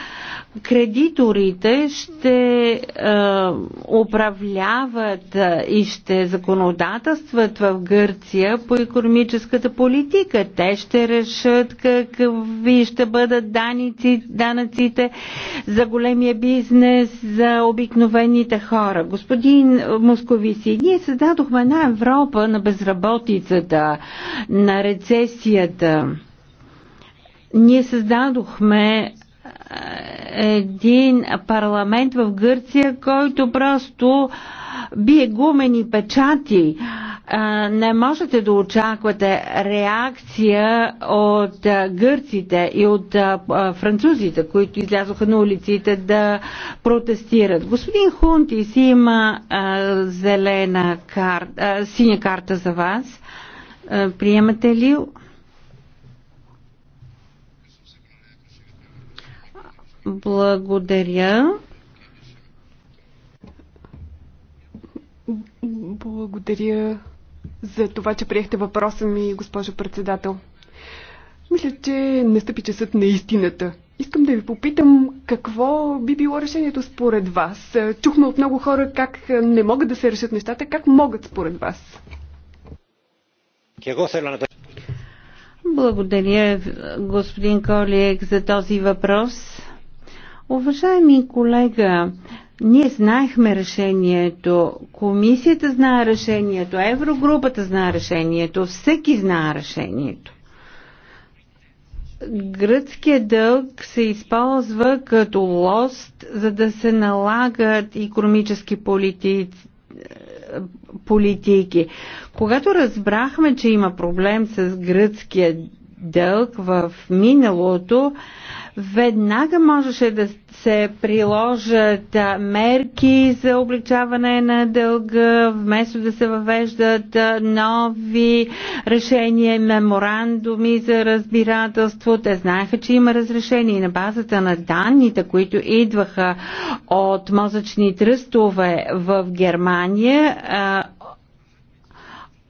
кредиторите ще е, управляват е, и ще законодателстват в Гърция по економическата политика. Те ще решат какви ще бъдат даници, данъците за големия бизнес, за обикновените хора. Господин Московиси, ние създадохме една Европа на безработицата, на рецесията ние създадохме един парламент в Гърция, който просто бие гумени печати. Не можете да очаквате реакция от гърците и от французите, които излязоха на улиците да протестират. Господин Хунти, си има зелена карта, синя карта за вас. Приемате ли? Благодаря. Благодаря за това, че приехте въпроса ми, госпожо председател. Мисля, че настъпи часът на истината. Искам да ви попитам какво би било решението според вас. Чухме от много хора как не могат да се решат нещата, как могат според вас. Благодаря, господин Колиек, за този въпрос. Уважаеми колега, ние знаехме решението, комисията знае решението, еврогрупата знае решението, всеки знае решението. Гръцкият дълг се използва като лост, за да се налагат економически политици, политики. Когато разбрахме, че има проблем с гръцкия дълг в миналото, веднага можеше да се приложат мерки за обличаване на дълга, вместо да се въвеждат нови решения, меморандуми за разбирателство. Те знаеха, че има разрешение на базата на данните, които идваха от мозъчни тръстове в Германия,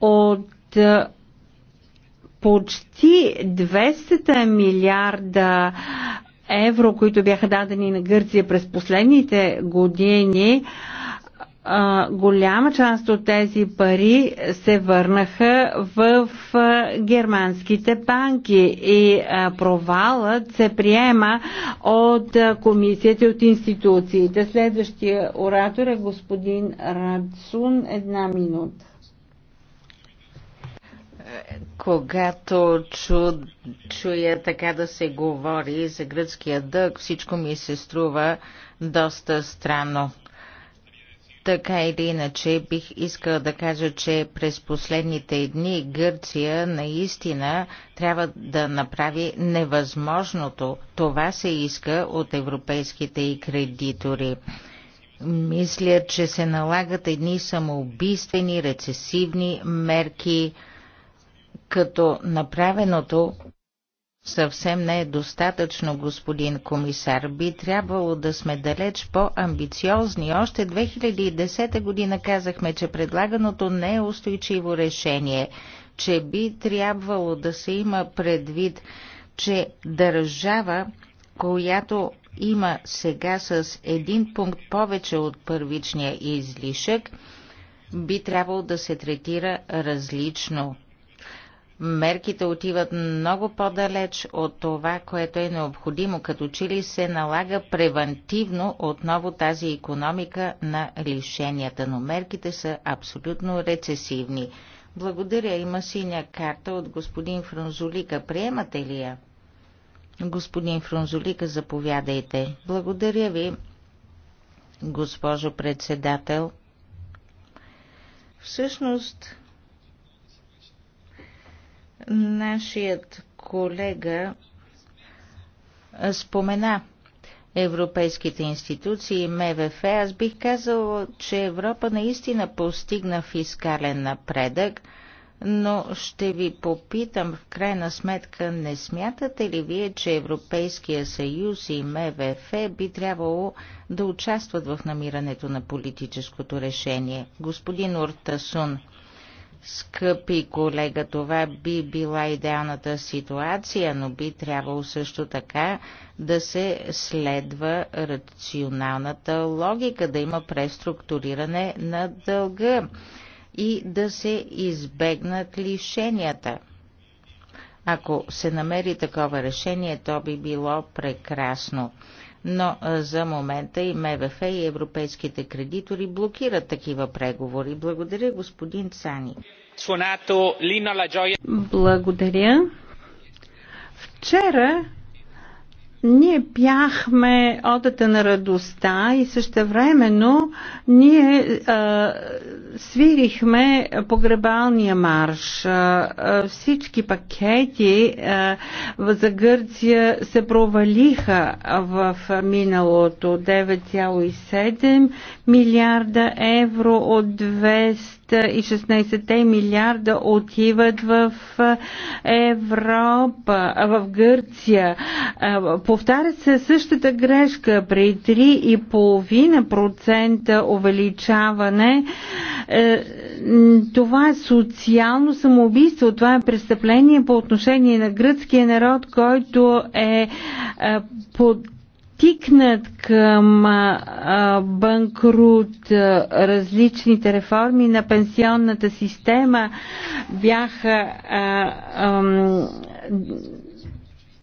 от почти 200 милиарда евро, които бяха дадени на Гърция през последните години, голяма част от тези пари се върнаха в германските банки и провалът се приема от комисията от институциите. Следващия оратор е господин Радсун. Една минута когато чу, чуя така да се говори за гръцкия дълг, всичко ми се струва доста странно. Така или иначе, бих искал да кажа, че през последните дни Гърция наистина трябва да направи невъзможното. Това се иска от европейските и кредитори. Мисля, че се налагат едни самоубийствени, рецесивни мерки – като направеното съвсем не е достатъчно, господин комисар. Би трябвало да сме далеч по-амбициозни. Още 2010 година казахме, че предлаганото не е устойчиво решение, че би трябвало да се има предвид, че държава, която има сега с един пункт повече от първичния излишък, би трябвало да се третира различно мерките отиват много по-далеч от това, което е необходимо, като че ли се налага превентивно отново тази економика на лишенията, но мерките са абсолютно рецесивни. Благодаря, има синя карта от господин Франзолика. Приемате ли я? Господин Франзолика, заповядайте. Благодаря ви, госпожо председател. Всъщност, Нашият колега спомена европейските институции, и МВФ, аз бих казал, че Европа наистина постигна фискален напредък, но ще ви попитам в крайна сметка, не смятате ли вие, че Европейския съюз и МВФ би трябвало да участват в намирането на политическото решение? Господин Уртасун, Скъпи колега, това би била идеалната ситуация, но би трябвало също така да се следва рационалната логика, да има преструктуриране на дълга и да се избегнат лишенията. Ако се намери такова решение, то би било прекрасно но за момента и МВФ и европейските кредитори блокират такива преговори. Благодаря, господин Цани. Благодаря. Вчера ние бяхме одата на радостта и същевременно ние а, свирихме погребалния марш. А, а, всички пакети а, за Гърция се провалиха в миналото 9,7 милиарда евро от 200 16-те милиарда отиват в Европа, в Гърция. Повтаря се същата грешка при 3,5% увеличаване. Е, това е социално самоубийство, това е престъпление по отношение на гръцкия народ, който е, е под тикнат към банкрут. Различните реформи на пенсионната система бяха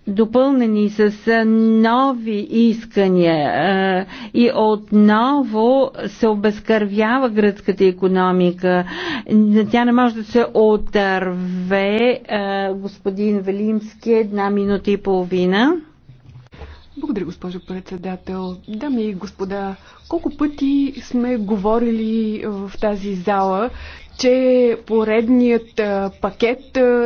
допълнени с нови искания и отново се обезкървява гръцката економика. Тя не може да се отърве. Господин Велимски, една минута и половина. Благодаря, госпожо председател. Дами и господа, колко пъти сме говорили в тази зала, че поредният пакет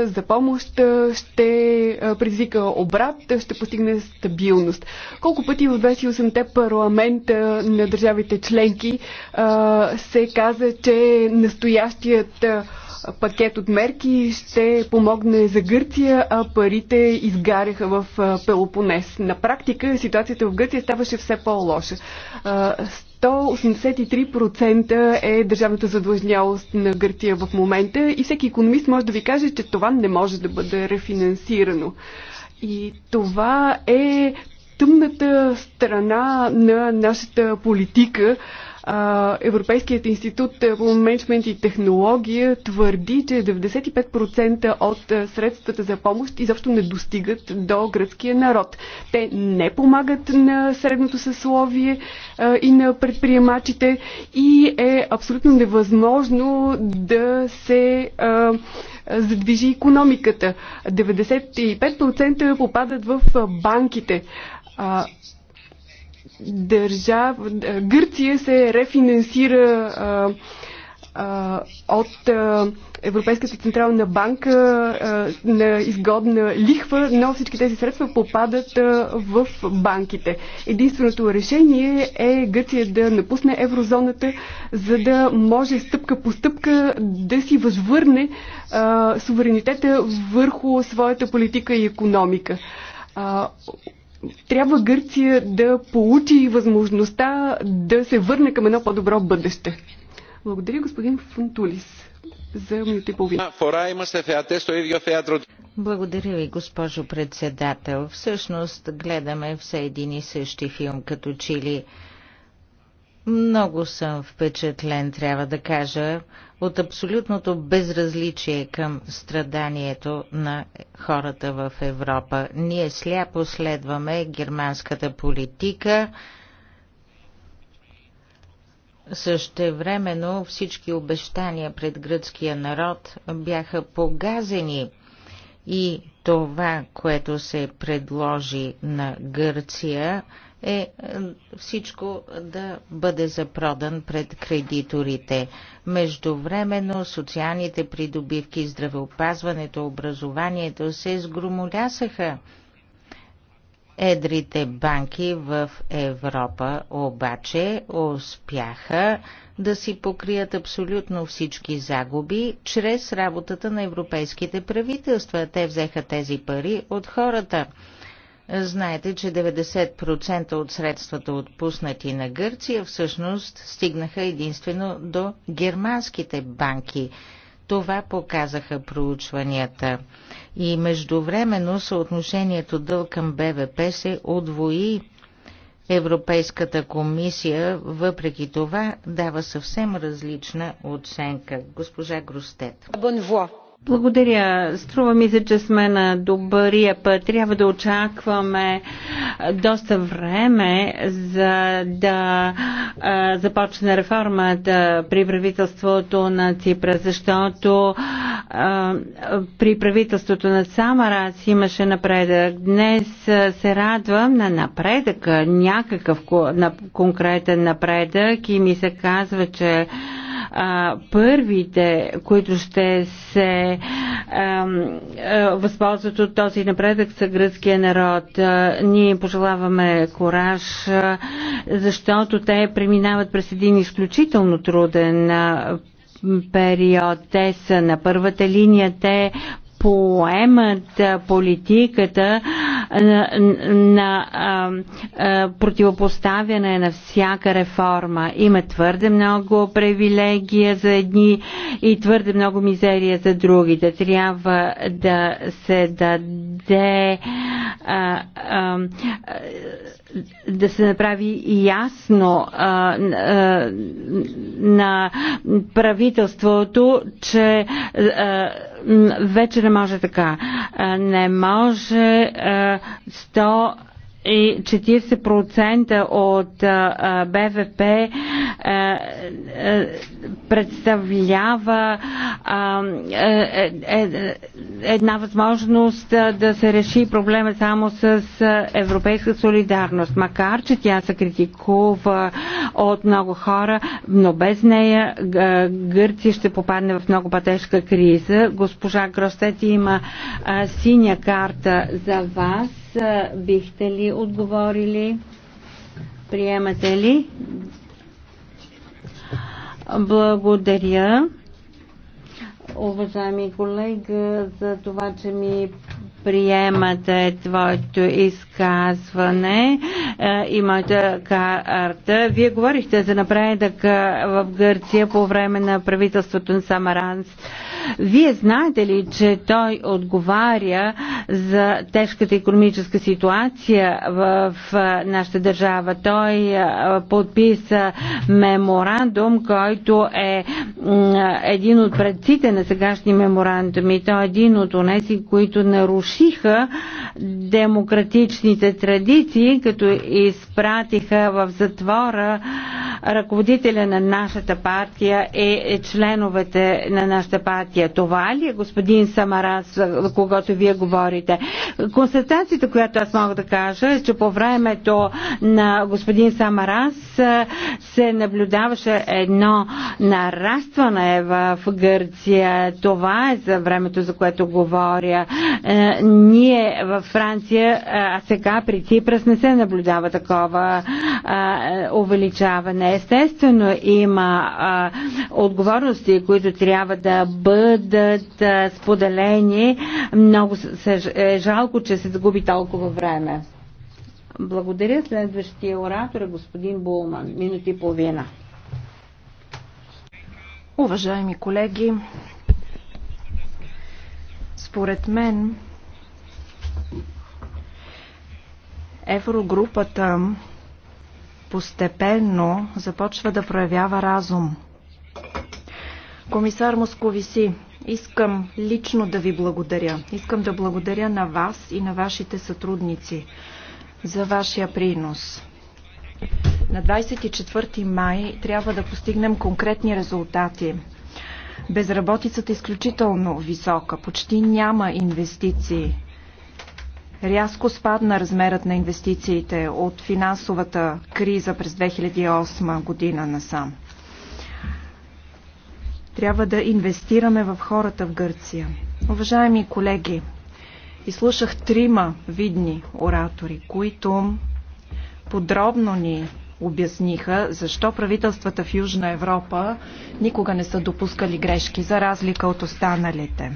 за помощ ще предизвика обрат, ще постигне стабилност. Колко пъти в 28-те парламента на държавите членки се каза, че настоящият пакет от мерки ще помогне за Гърция, а парите изгаряха в Пелопонес. На практика ситуацията в Гърция ставаше все по-лоша. 183% е държавната задлъжнялост на Гърция в момента и всеки економист може да ви каже, че това не може да бъде рефинансирано. И това е тъмната страна на нашата политика Европейският институт по менеджмент и технология твърди, че 95% от средствата за помощ изобщо не достигат до гръцкия народ. Те не помагат на средното съсловие и на предприемачите и е абсолютно невъзможно да се задвижи економиката. 95% попадат в банките държав... Гърция се рефинансира а, а, от а, Европейската централна банка а, на изгодна лихва, но всички тези средства попадат а, в банките. Единственото решение е Гърция да напусне еврозоната, за да може стъпка по стъпка да си възвърне а, суверенитета върху своята политика и економика. А, трябва Гърция да получи възможността да се върне към едно по-добро бъдеще. Благодаря, господин Фунтулис, за минута и половина. Благодаря ви, госпожо председател. Всъщност гледаме все един и същи филм, като чили. Много съм впечатлен, трябва да кажа, от абсолютното безразличие към страданието на хората в Европа. Ние сляпо следваме германската политика. Същевременно всички обещания пред гръцкия народ бяха погазени и това, което се предложи на Гърция – е, е всичко да бъде запродан пред кредиторите. Междувременно социалните придобивки, здравеопазването, образованието се сгромолясаха. Едрите банки в Европа обаче успяха да си покрият абсолютно всички загуби чрез работата на европейските правителства. Те взеха тези пари от хората. Знаете, че 90% от средствата отпуснати на Гърция всъщност стигнаха единствено до германските банки. Това показаха проучванията. И междувременно съотношението дълг към БВП се удвои. Европейската комисия, въпреки това, дава съвсем различна оценка. Госпожа Гростет. Благодаря. Струва ми се, че сме на добрия път. Трябва да очакваме доста време, за да а, започне реформата при правителството на Ципра, защото а, при правителството на Самарас имаше напредък. Днес се радвам на напредъка, някакъв конкретен напредък и ми се казва, че а, първите, които ще се а, а, възползват от този напредък са гръцкия народ. А, ние пожелаваме кораж, а, защото те преминават през един изключително труден а, период. Те са на първата линия, те поемат политиката на, на а, а, противопоставяне на всяка реформа. Има твърде много привилегия за едни и твърде много мизерия за другите. Трябва да се даде а, а, да се направи ясно а, а, на правителството, че а, вече не може така. А, не може а, 100 и 40% от БВП представлява е, е, е, една възможност да се реши проблема само с европейска солидарност. Макар, че тя се критикува от много хора, но без нея Гърция ще попадне в много пътежка криза. Госпожа Гростет има синя карта за вас бихте ли отговорили? Приемате ли? Благодаря, уважаеми колега, за това, че ми приемате твоето изказване е, и моята карта. Вие говорихте за напредък е, в Гърция по време на правителството на Самаранс. Вие знаете ли, че той отговаря за тежката економическа ситуация в нашата държава? Той е, подписа меморандум, който е един от предците на сегашни меморандуми. Той е един от онези, които наруши нарушиха демократичните традиции, като изпратиха в затвора ръководителя на нашата партия е, е членовете на нашата партия. Това ли е господин Самарас, когато вие говорите? Констатацията, която аз мога да кажа е, че по времето на господин Самарас е, се наблюдаваше едно нарастване в Гърция. Това е за времето, за което говоря. Е, ние във Франция, а сега при Ципрас не се наблюдава такова увеличаване Естествено има а, отговорности, които трябва да бъдат а, споделени. Много се, е жалко, че се загуби толкова време. Благодаря. Следващия оратор е господин Булман. Минути и половина. Уважаеми колеги, според мен еврогрупата постепенно започва да проявява разум. Комисар Московиси, искам лично да ви благодаря. Искам да благодаря на вас и на вашите сътрудници за вашия принос. На 24 май трябва да постигнем конкретни резултати. Безработицата е изключително висока. Почти няма инвестиции. Рязко спадна размерът на инвестициите от финансовата криза през 2008 година насам. Трябва да инвестираме в хората в Гърция. Уважаеми колеги, изслушах трима видни оратори, които подробно ни обясниха защо правителствата в Южна Европа никога не са допускали грешки, за разлика от останалите.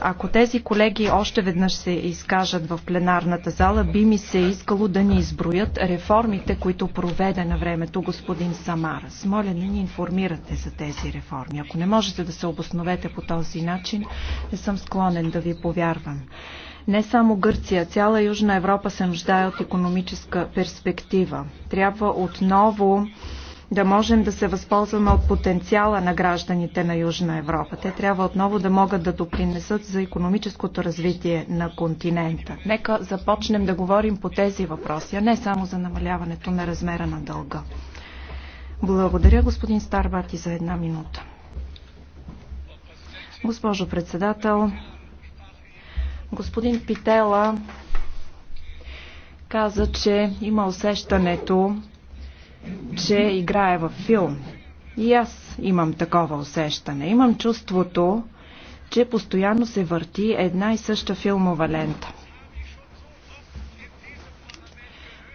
Ако тези колеги още веднъж се изкажат в пленарната зала, би ми се искало да ни изброят реформите, които проведе на времето господин Самарас. Моля не ни информирате за тези реформи. Ако не можете да се обосновете по този начин, не съм склонен да ви повярвам. Не само Гърция, цяла Южна Европа се нуждае от економическа перспектива. Трябва отново да можем да се възползваме от потенциала на гражданите на Южна Европа. Те трябва отново да могат да допринесат за економическото развитие на континента. Нека започнем да говорим по тези въпроси, а не само за намаляването на размера на дълга. Благодаря, господин Старбати, за една минута. Госпожо председател, господин Питела каза, че има усещането, че играе във филм. И аз имам такова усещане. Имам чувството, че постоянно се върти една и съща филмова лента.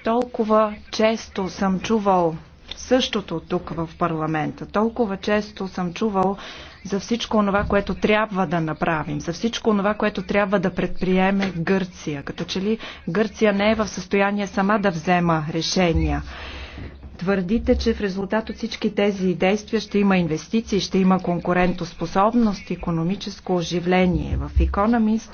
Толкова често съм чувал същото тук в парламента. Толкова често съм чувал за всичко това, което трябва да направим, за всичко това, което трябва да предприеме Гърция. Като че ли Гърция не е в състояние сама да взема решения твърдите, че в резултат от всички тези действия ще има инвестиции, ще има конкурентоспособност, економическо оживление. В Economist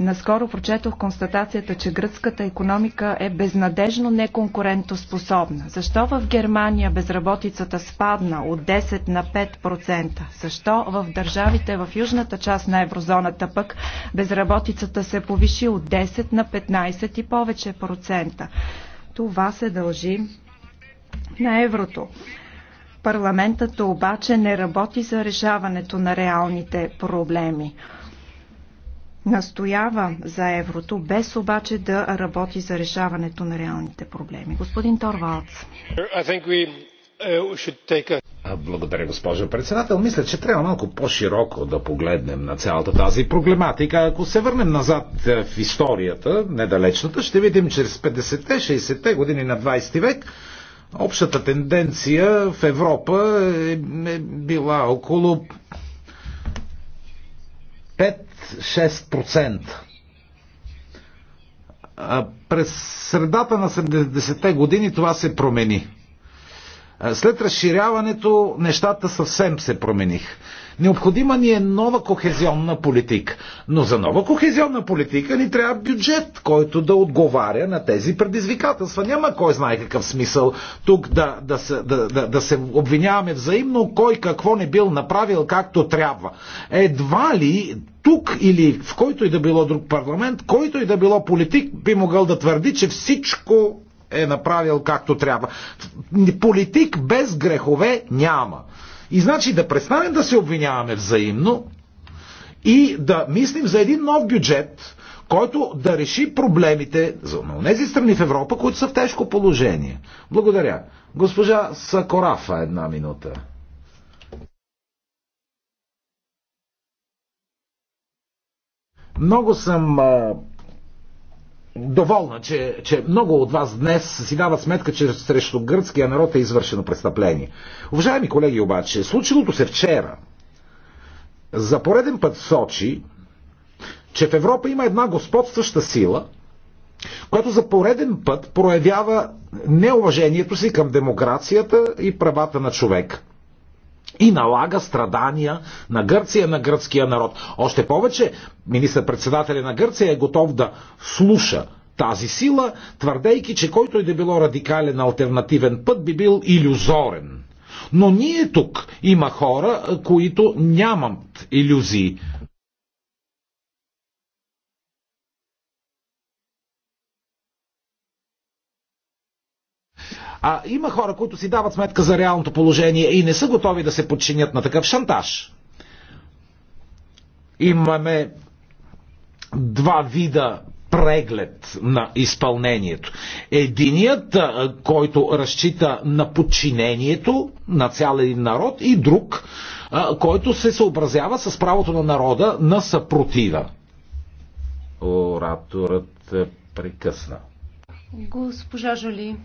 Наскоро прочетох констатацията, че гръцката економика е безнадежно неконкурентоспособна. Защо в Германия безработицата спадна от 10 на 5%? Защо в държавите в южната част на еврозоната пък безработицата се повиши от 10 на 15 и повече процента? Това се дължи на еврото. Парламентът обаче не работи за решаването на реалните проблеми. Настоява за еврото, без обаче да работи за решаването на реалните проблеми. Господин Торвалц. Uh, благодаря, госпожо председател. Мисля, че трябва малко по-широко да погледнем на цялата тази проблематика. Ако се върнем назад е, в историята, недалечната, ще видим, че с 50-те, 60-те години на 20 век Общата тенденция в Европа е, е била около 5-6%. През средата на 70-те години това се промени. Е, след разширяването нещата съвсем се промених. Необходима ни е нова кохезионна политика. Но за нова кохезионна политика ни трябва бюджет, който да отговаря на тези предизвикателства. Няма кой знае какъв смисъл тук да, да, се, да, да, да се обвиняваме взаимно кой какво не бил направил както трябва. Едва ли тук или в който и да било друг парламент, който и да било политик би могъл да твърди, че всичко е направил както трябва. Политик без грехове няма. И значи да престанем да се обвиняваме взаимно и да мислим за един нов бюджет, който да реши проблемите за тези страни в Европа, които са в тежко положение. Благодаря. Госпожа Сакорафа, една минута. Много съм доволна, че, че много от вас днес си дават сметка, че срещу гръцкия народ е извършено престъпление. Уважаеми колеги, обаче, случилото се вчера за пореден път сочи, че в Европа има една господстваща сила, която за пореден път проявява неуважението си към демокрацията и правата на човека и налага страдания на Гърция, на гръцкия народ. Още повече, министър-председателя на Гърция е готов да слуша тази сила, твърдейки, че който и да било радикален альтернативен път би бил иллюзорен. Но ние тук има хора, които нямат иллюзии. А има хора, които си дават сметка за реалното положение и не са готови да се подчинят на такъв шантаж. Имаме два вида преглед на изпълнението. Единият, който разчита на подчинението на цял един народ и друг, който се съобразява с правото на народа на съпротива. Ораторът е прекъсна. Госпожа Жоли,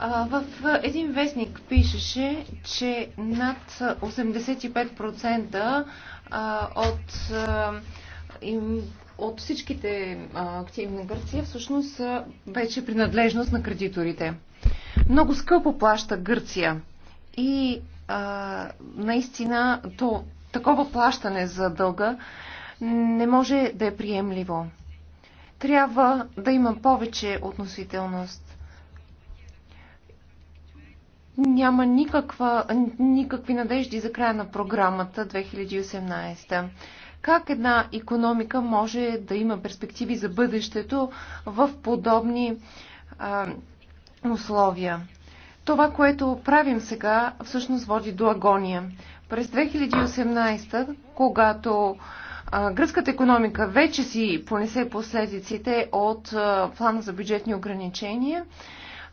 в един вестник пишеше, че над 85% от, от всичките активи на Гърция всъщност са вече принадлежност на кредиторите. Много скъпо плаща Гърция и а, наистина то, такова плащане за дълга не може да е приемливо. Трябва да има повече относителност няма никаква, никакви надежди за края на програмата 2018. Как една економика може да има перспективи за бъдещето в подобни а, условия? Това, което правим сега, всъщност води до агония. През 2018, когато а, гръцката економика вече си понесе последиците от а, плана за бюджетни ограничения,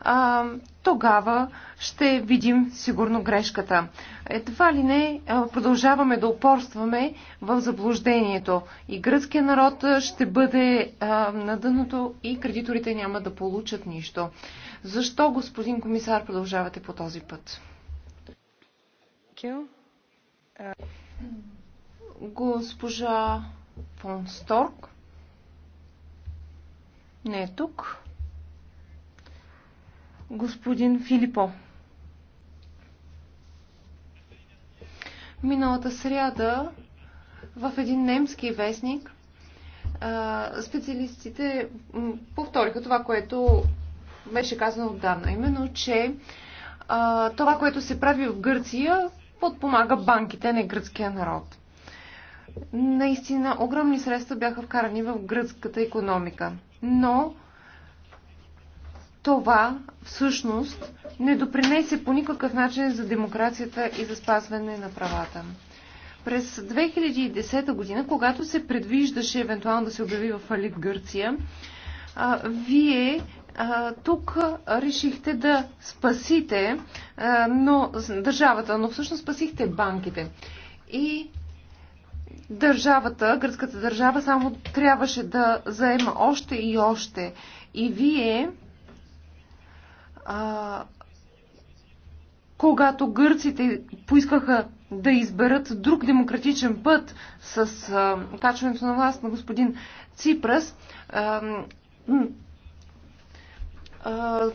а, тогава ще видим сигурно грешката. Едва ли не продължаваме да упорстваме в заблуждението и гръцкият народ ще бъде а, на дъното и кредиторите няма да получат нищо. Защо, господин комисар, продължавате по този път? Госпожа Фонсторг не е тук господин Филипо. Миналата сряда в един немски вестник специалистите повториха това, което беше казано отдавна. Именно, че това, което се прави в Гърция, подпомага банките, не гръцкия народ. Наистина, огромни средства бяха вкарани в гръцката економика. Но това всъщност не допринесе по никакъв начин за демокрацията и за спазване на правата. През 2010 година, когато се предвиждаше евентуално да се обяви в Алит Гърция, а, вие а, тук решихте да спасите а, но, държавата, но всъщност спасихте банките. И държавата, гръцката държава, само трябваше да заема още и още. И вие а, когато гърците поискаха да изберат друг демократичен път с а, качването на власт на господин Ципрас,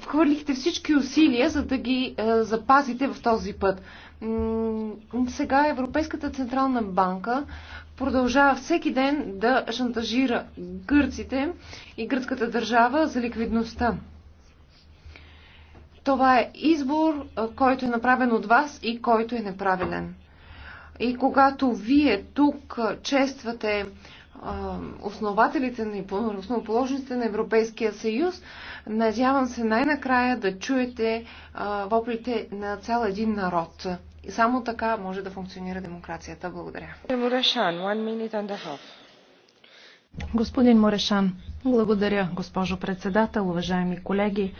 хвърлихте всички усилия, за да ги а, запазите в този път. сега Европейската Централна банка продължава всеки ден да шантажира гърците и гръцката държава за ликвидността. Това е избор, който е направен от вас и който е неправилен. И когато вие тук чествате основателите на основоположниците на Европейския съюз, надявам се най-накрая да чуете воплите на цял един народ. И само така може да функционира демокрацията. Благодаря. Господин Морешан, благодаря, госпожо председател, уважаеми колеги.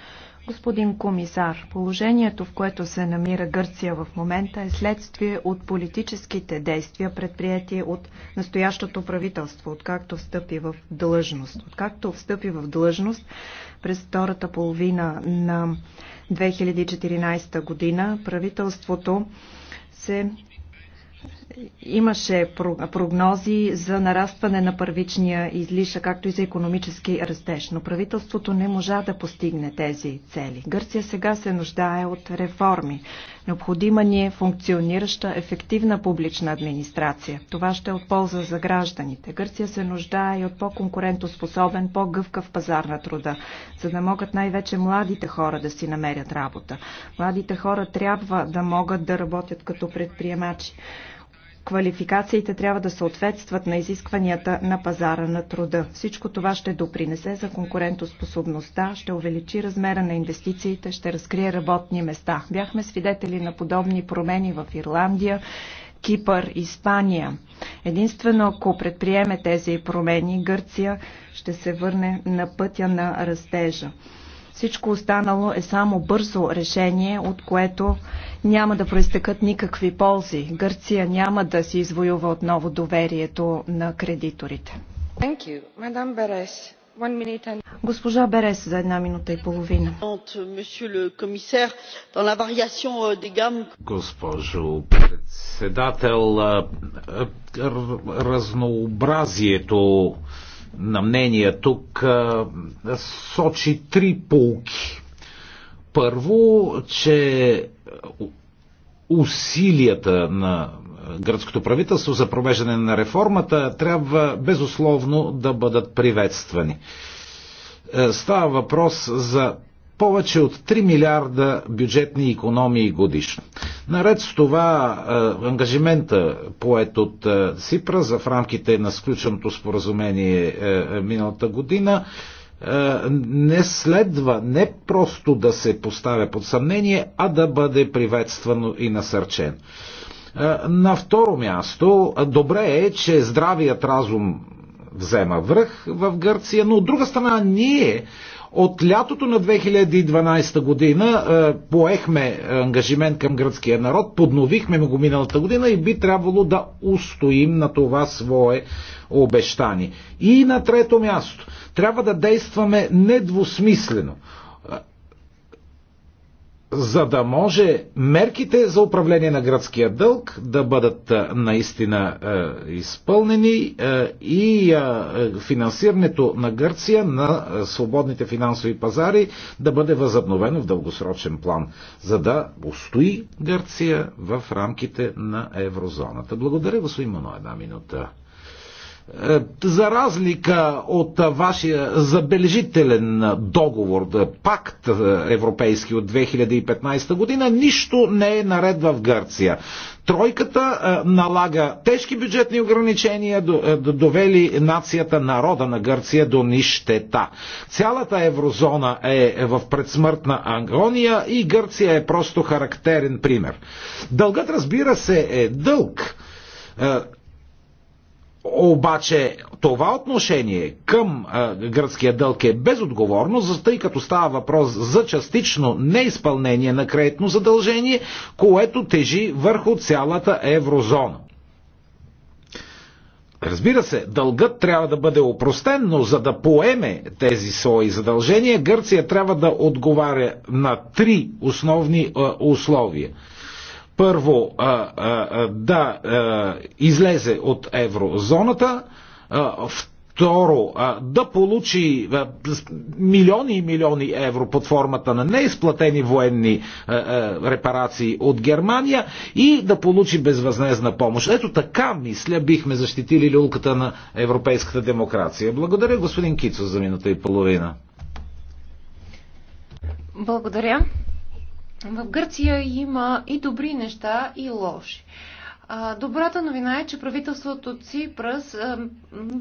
Господин комисар, положението, в което се намира Гърция в момента е следствие от политическите действия, предприяти от настоящото правителство, откакто встъпи в длъжност. Откакто встъпи в длъжност през втората половина на 2014 година, правителството се имаше прогнози за нарастване на първичния излиша, както и за економически растеж, но правителството не можа да постигне тези цели. Гърция сега се нуждае от реформи. Необходима ни е функционираща, ефективна публична администрация. Това ще е от полза за гражданите. Гърция се нуждае и от по-конкурентоспособен, по-гъвкав пазар на труда, за да могат най-вече младите хора да си намерят работа. Младите хора трябва да могат да работят като предприемачи. Квалификациите трябва да съответстват на изискванията на пазара на труда. Всичко това ще допринесе за конкурентоспособността, ще увеличи размера на инвестициите, ще разкрие работни места. Бяхме свидетели на подобни промени в Ирландия, Кипър, Испания. Единствено ако предприеме тези промени, Гърция ще се върне на пътя на растежа. Всичко останало е само бързо решение, от което няма да проистекат никакви ползи. Гърция няма да си извоюва отново доверието на кредиторите. Госпожа Берес за една минута и половина. Euh, Госпожо председател, разнообразието на мнение тук сочи три полки. Първо, че усилията на гръцкото правителство за провеждане на реформата трябва безусловно да бъдат приветствани. Е, става въпрос за повече от 3 милиарда бюджетни економии годишно. Наред с това е, ангажимента поет от е, за в рамките на сключеното споразумение е, миналата година не следва не просто да се поставя под съмнение, а да бъде приветствано и насърчен. На второ място, добре е, че здравият разум взема връх в Гърция, но от друга страна ние от лятото на 2012 година е, поехме ангажимент към гръцкия народ, подновихме го миналата година и би трябвало да устоим на това свое обещание. И на трето място, трябва да действаме недвусмислено за да може мерките за управление на градския дълг да бъдат наистина е, изпълнени е, и е, финансирането на Гърция на свободните финансови пазари да бъде възобновено в дългосрочен план, за да устои Гърция в рамките на еврозоната. Благодаря, господин Мано, една минута. Е, за разлика от вашия забележителен договор, е, пакт е, европейски от 2015 година, нищо не е наред в Гърция. Тройката налага тежки бюджетни ограничения, довели нацията, народа на Гърция до нищета. Цялата еврозона е в предсмъртна агония и Гърция е просто характерен пример. Дългът, разбира се, е дълг обаче това отношение към а, гръцкия дълг е безотговорно, за тъй като става въпрос за частично неизпълнение на кредитно задължение, което тежи върху цялата еврозона. Разбира се, дългът трябва да бъде опростен, но за да поеме тези свои задължения, Гърция трябва да отговаря на три основни а, условия – първо а, а, да а, излезе от еврозоната, а, второ а, да получи а, милиони и милиони евро под формата на неизплатени военни а, а, репарации от Германия и да получи безвъзнезна помощ. Ето така, мисля, бихме защитили люлката на европейската демокрация. Благодаря, господин Кицо, за минута и половина. Благодаря. В Гърция има и добри неща, и лоши. Добрата новина е, че правителството Ципрас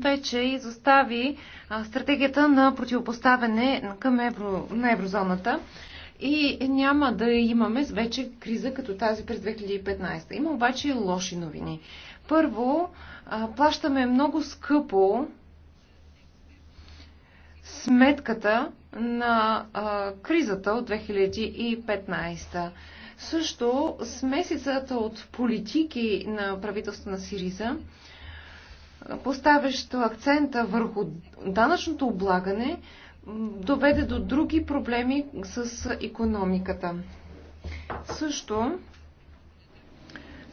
вече изостави стратегията на противопоставяне към евро, на еврозоната и няма да имаме вече криза като тази през 2015. Има обаче и лоши новини. Първо, плащаме много скъпо сметката на а, кризата от 2015. Също смесицата от политики на правителство на Сириза, поставящо акцента върху данъчното облагане, доведе до други проблеми с економиката. Също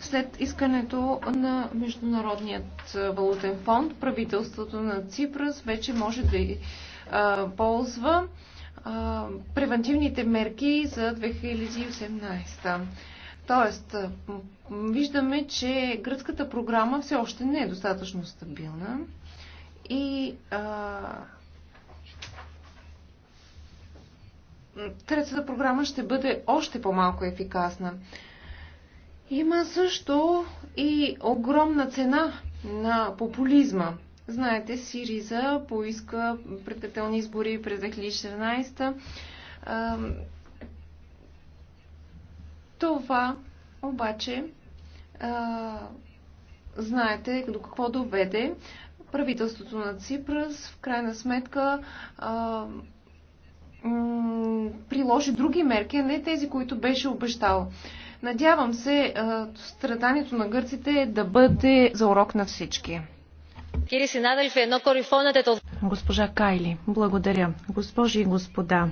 след искането на Международният валутен фонд, правителството на Ципрас вече може да а, ползва а, превентивните мерки за 2018. Тоест, виждаме, че гръцката програма все още не е достатъчно стабилна и а, третата програма ще бъде още по-малко ефикасна. Има също и огромна цена на популизма. Знаете, Сириза поиска предкателни избори през 2014. Това обаче, знаете до какво доведе правителството на Ципрас. В крайна сметка приложи други мерки, не тези, които беше обещал. Надявам се, Страданието на гърците е да бъде за урок на всички. Госпожа Кайли, благодаря. Госпожи и господа,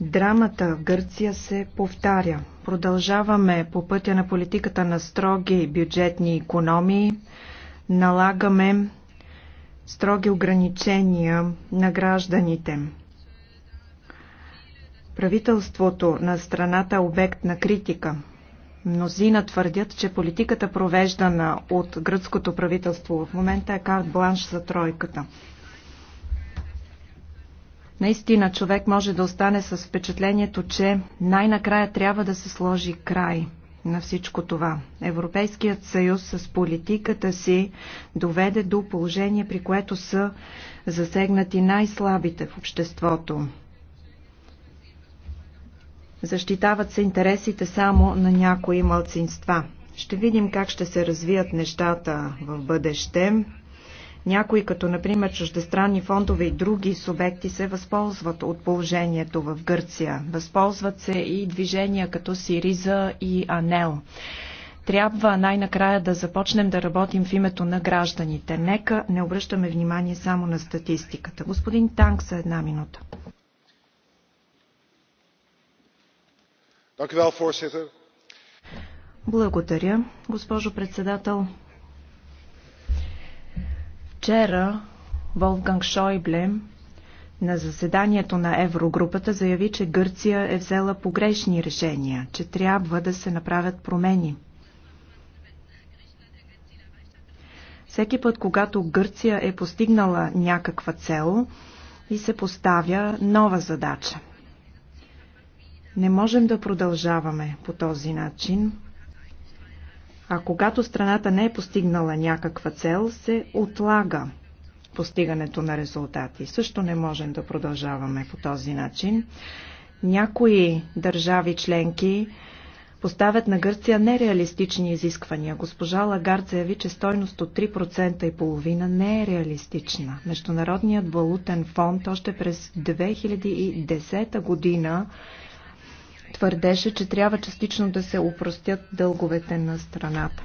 Драмата в Гърция се повтаря. Продължаваме по пътя на политиката на строги бюджетни економии. Налагаме строги ограничения на гражданите. Правителството на страната е обект на критика. Мнозина твърдят, че политиката провеждана от гръцкото правителство в момента е карт бланш за тройката. Наистина човек може да остане с впечатлението, че най-накрая трябва да се сложи край на всичко това. Европейският съюз с политиката си доведе до положение, при което са засегнати най-слабите в обществото. Защитават се интересите само на някои мълцинства. Ще видим как ще се развият нещата в бъдеще. Някои, като например чуждестранни фондове и други субекти, се възползват от положението в Гърция. Възползват се и движения като Сириза и Анел. Трябва най-накрая да започнем да работим в името на гражданите. Нека не обръщаме внимание само на статистиката. Господин Танк, за една минута. Благодаря, госпожо председател. Вчера Волфганг Шойбле на заседанието на Еврогрупата заяви, че Гърция е взела погрешни решения, че трябва да се направят промени. Всеки път, когато Гърция е постигнала някаква цел и се поставя нова задача. Не можем да продължаваме по този начин. А когато страната не е постигнала някаква цел, се отлага постигането на резултати. Също не можем да продължаваме по този начин. Някои държави членки поставят на Гърция нереалистични изисквания. Госпожа Лагард заяви, че стойност от 3% и половина не е реалистична. Международният валутен фонд още през 2010 година твърдеше, че трябва частично да се упростят дълговете на страната.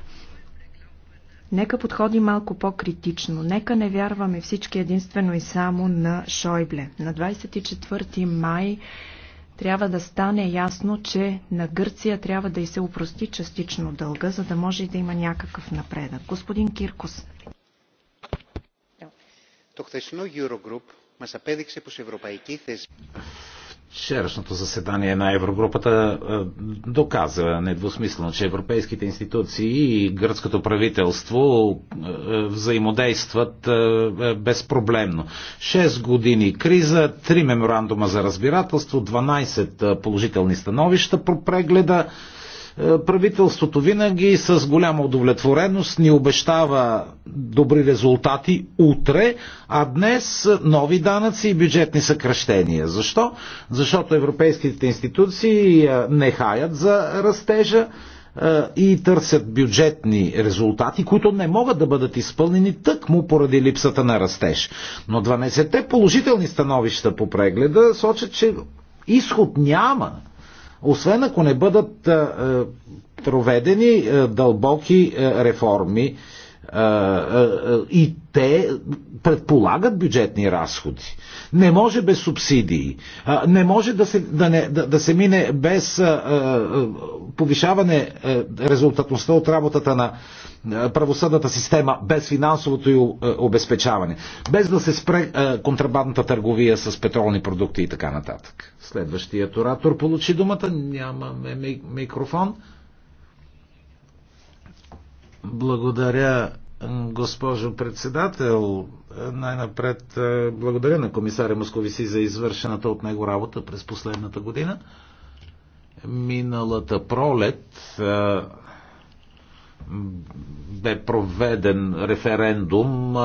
Нека подходи малко по-критично. Нека не вярваме всички единствено и само на Шойбле. На 24 май трябва да стане ясно, че на Гърция трябва да и се упрости частично дълга, за да може и да има някакъв напредък. Господин Киркос. Το χθεσινό Eurogroup μας απέδειξε πως европейки θέση Вчерашното заседание на Еврогрупата е, доказа недвусмислено, че европейските институции и гръцкото правителство е, е, взаимодействат безпроблемно. 6 години криза, 3 меморандума за разбирателство, 12 положителни становища по прегледа, е, правителството винаги с голяма удовлетвореност ни обещава добри резултати утре, а днес нови данъци и бюджетни съкръщения. Защо? Защото европейските институции е, не хаят за растежа е, и търсят бюджетни резултати, които не могат да бъдат изпълнени тъкмо поради липсата на растеж. Но 12-те положителни становища по прегледа сочат, че изход няма освен ако не бъдат е, е, проведени е, дълбоки реформи и те предполагат бюджетни разходи. Не може без субсидии. Не може да се, да не, да, да се мине без повишаване резултатността от работата на правосъдната система, без финансовото й обезпечаване. Без да се спре контрабандната търговия с петролни продукти и така нататък. Следващият оратор получи думата. Нямаме микрофон. Благодаря Госпожо председател, най-напред е, благодаря на комисаря Московиси за извършената от него работа през последната година. Миналата пролет е, бе проведен референдум е,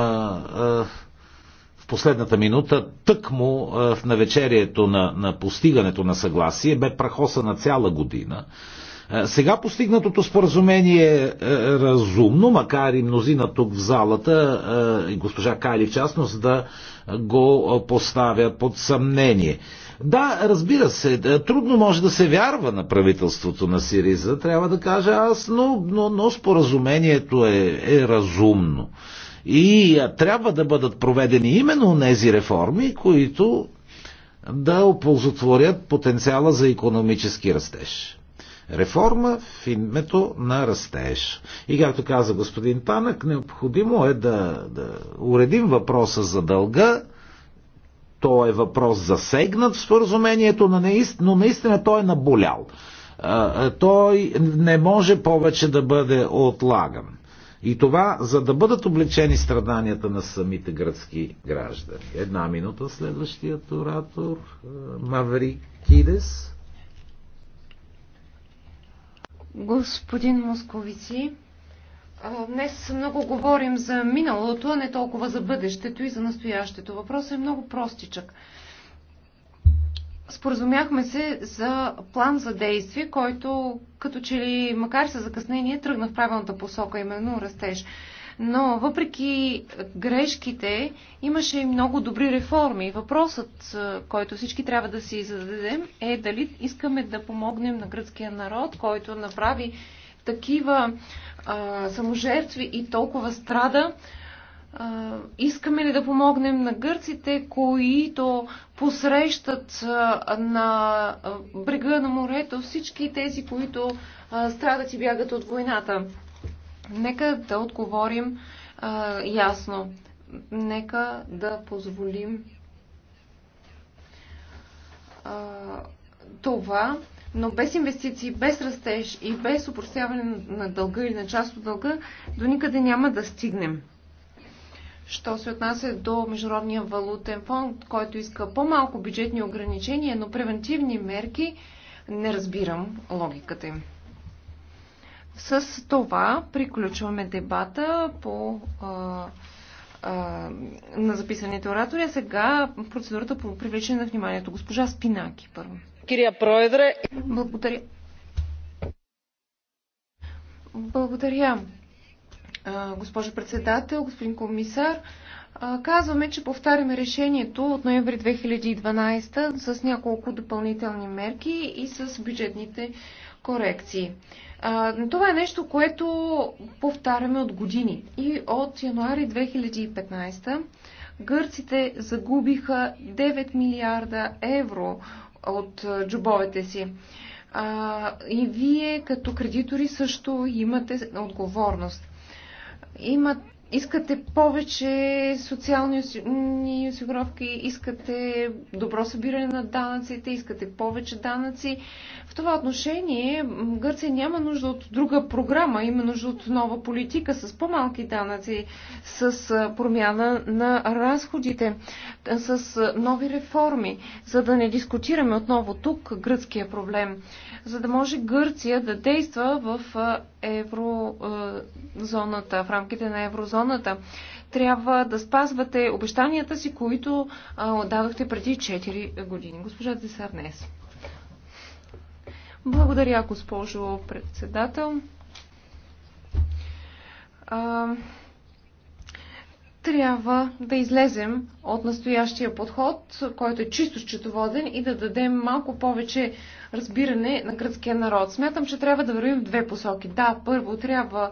в последната минута, тъкмо в навечерието на, на постигането на съгласие, бе прахосана цяла година е, сега постигнатото споразумение е разумно, макар и мнозина тук в залата, е, и госпожа Кайли в частност, да го поставят под съмнение. Да, разбира се, е, трудно може да се вярва на правителството на Сириза, трябва да кажа аз, но, но, но споразумението е, е разумно. И трябва да бъдат проведени именно тези реформи, които да оползотворят потенциала за економически растеж. Реформа в името на растеж. И както каза господин Танък, необходимо е да, да уредим въпроса за дълга. То е въпрос засегнат в споразумението, но наистина той е наболял. Той не може повече да бъде отлаган. И това, за да бъдат облечени страданията на самите гръцки граждани. Една минута следващият оратор, Маврикидес господин Московици. Днес много говорим за миналото, а не толкова за бъдещето и за настоящето. Въпросът е много простичък. Споразумяхме се за план за действие, който като че ли, макар и закъснение, тръгна в правилната посока, именно растеж. Но въпреки грешките, имаше и много добри реформи. Въпросът, който всички трябва да си зададем, е дали искаме да помогнем на гръцкия народ, който направи такива а, саможертви и толкова страда. А, искаме ли да помогнем на гърците, които посрещат а, на брега на морето всички тези, които а, страдат и бягат от войната? Нека да отговорим а, ясно. Нека да позволим а, това, но без инвестиции, без растеж и без упростяване на дълга или на част от дълга, до никъде няма да стигнем. Що се отнася до Международния валутен фонд, който иска по-малко бюджетни ограничения, но превентивни мерки, не разбирам логиката им. С това приключваме дебата по а, а, на записаните оратори. А сега процедурата по привлечение на вниманието. Госпожа Спинаки първо. Кирия Проедре. Благодаря. Благодаря, госпожо председател, господин комисар. Казваме, че повтаряме решението от ноември 2012 с няколко допълнителни мерки и с бюджетните корекции. А, това е нещо, което повтаряме от години. И от януари 2015 гърците загубиха 9 милиарда евро от джобовете си. А, и вие като кредитори също имате отговорност. Имат искате повече социални осигуровки, искате добро събиране на данъците, искате повече данъци. В това отношение Гърция няма нужда от друга програма, има нужда от нова политика с по-малки данъци, с промяна на разходите, с нови реформи, за да не дискутираме отново тук гръцкия проблем за да може Гърция да действа в еврозоната, в рамките на еврозоната. Трябва да спазвате обещанията си, които дадохте преди 4 години. Госпожа Десарнес. Благодаря, госпожо председател трябва да излезем от настоящия подход, който е чисто счетоводен и да дадем малко повече разбиране на гръцкия народ. Смятам, че трябва да вървим в две посоки. Да, първо трябва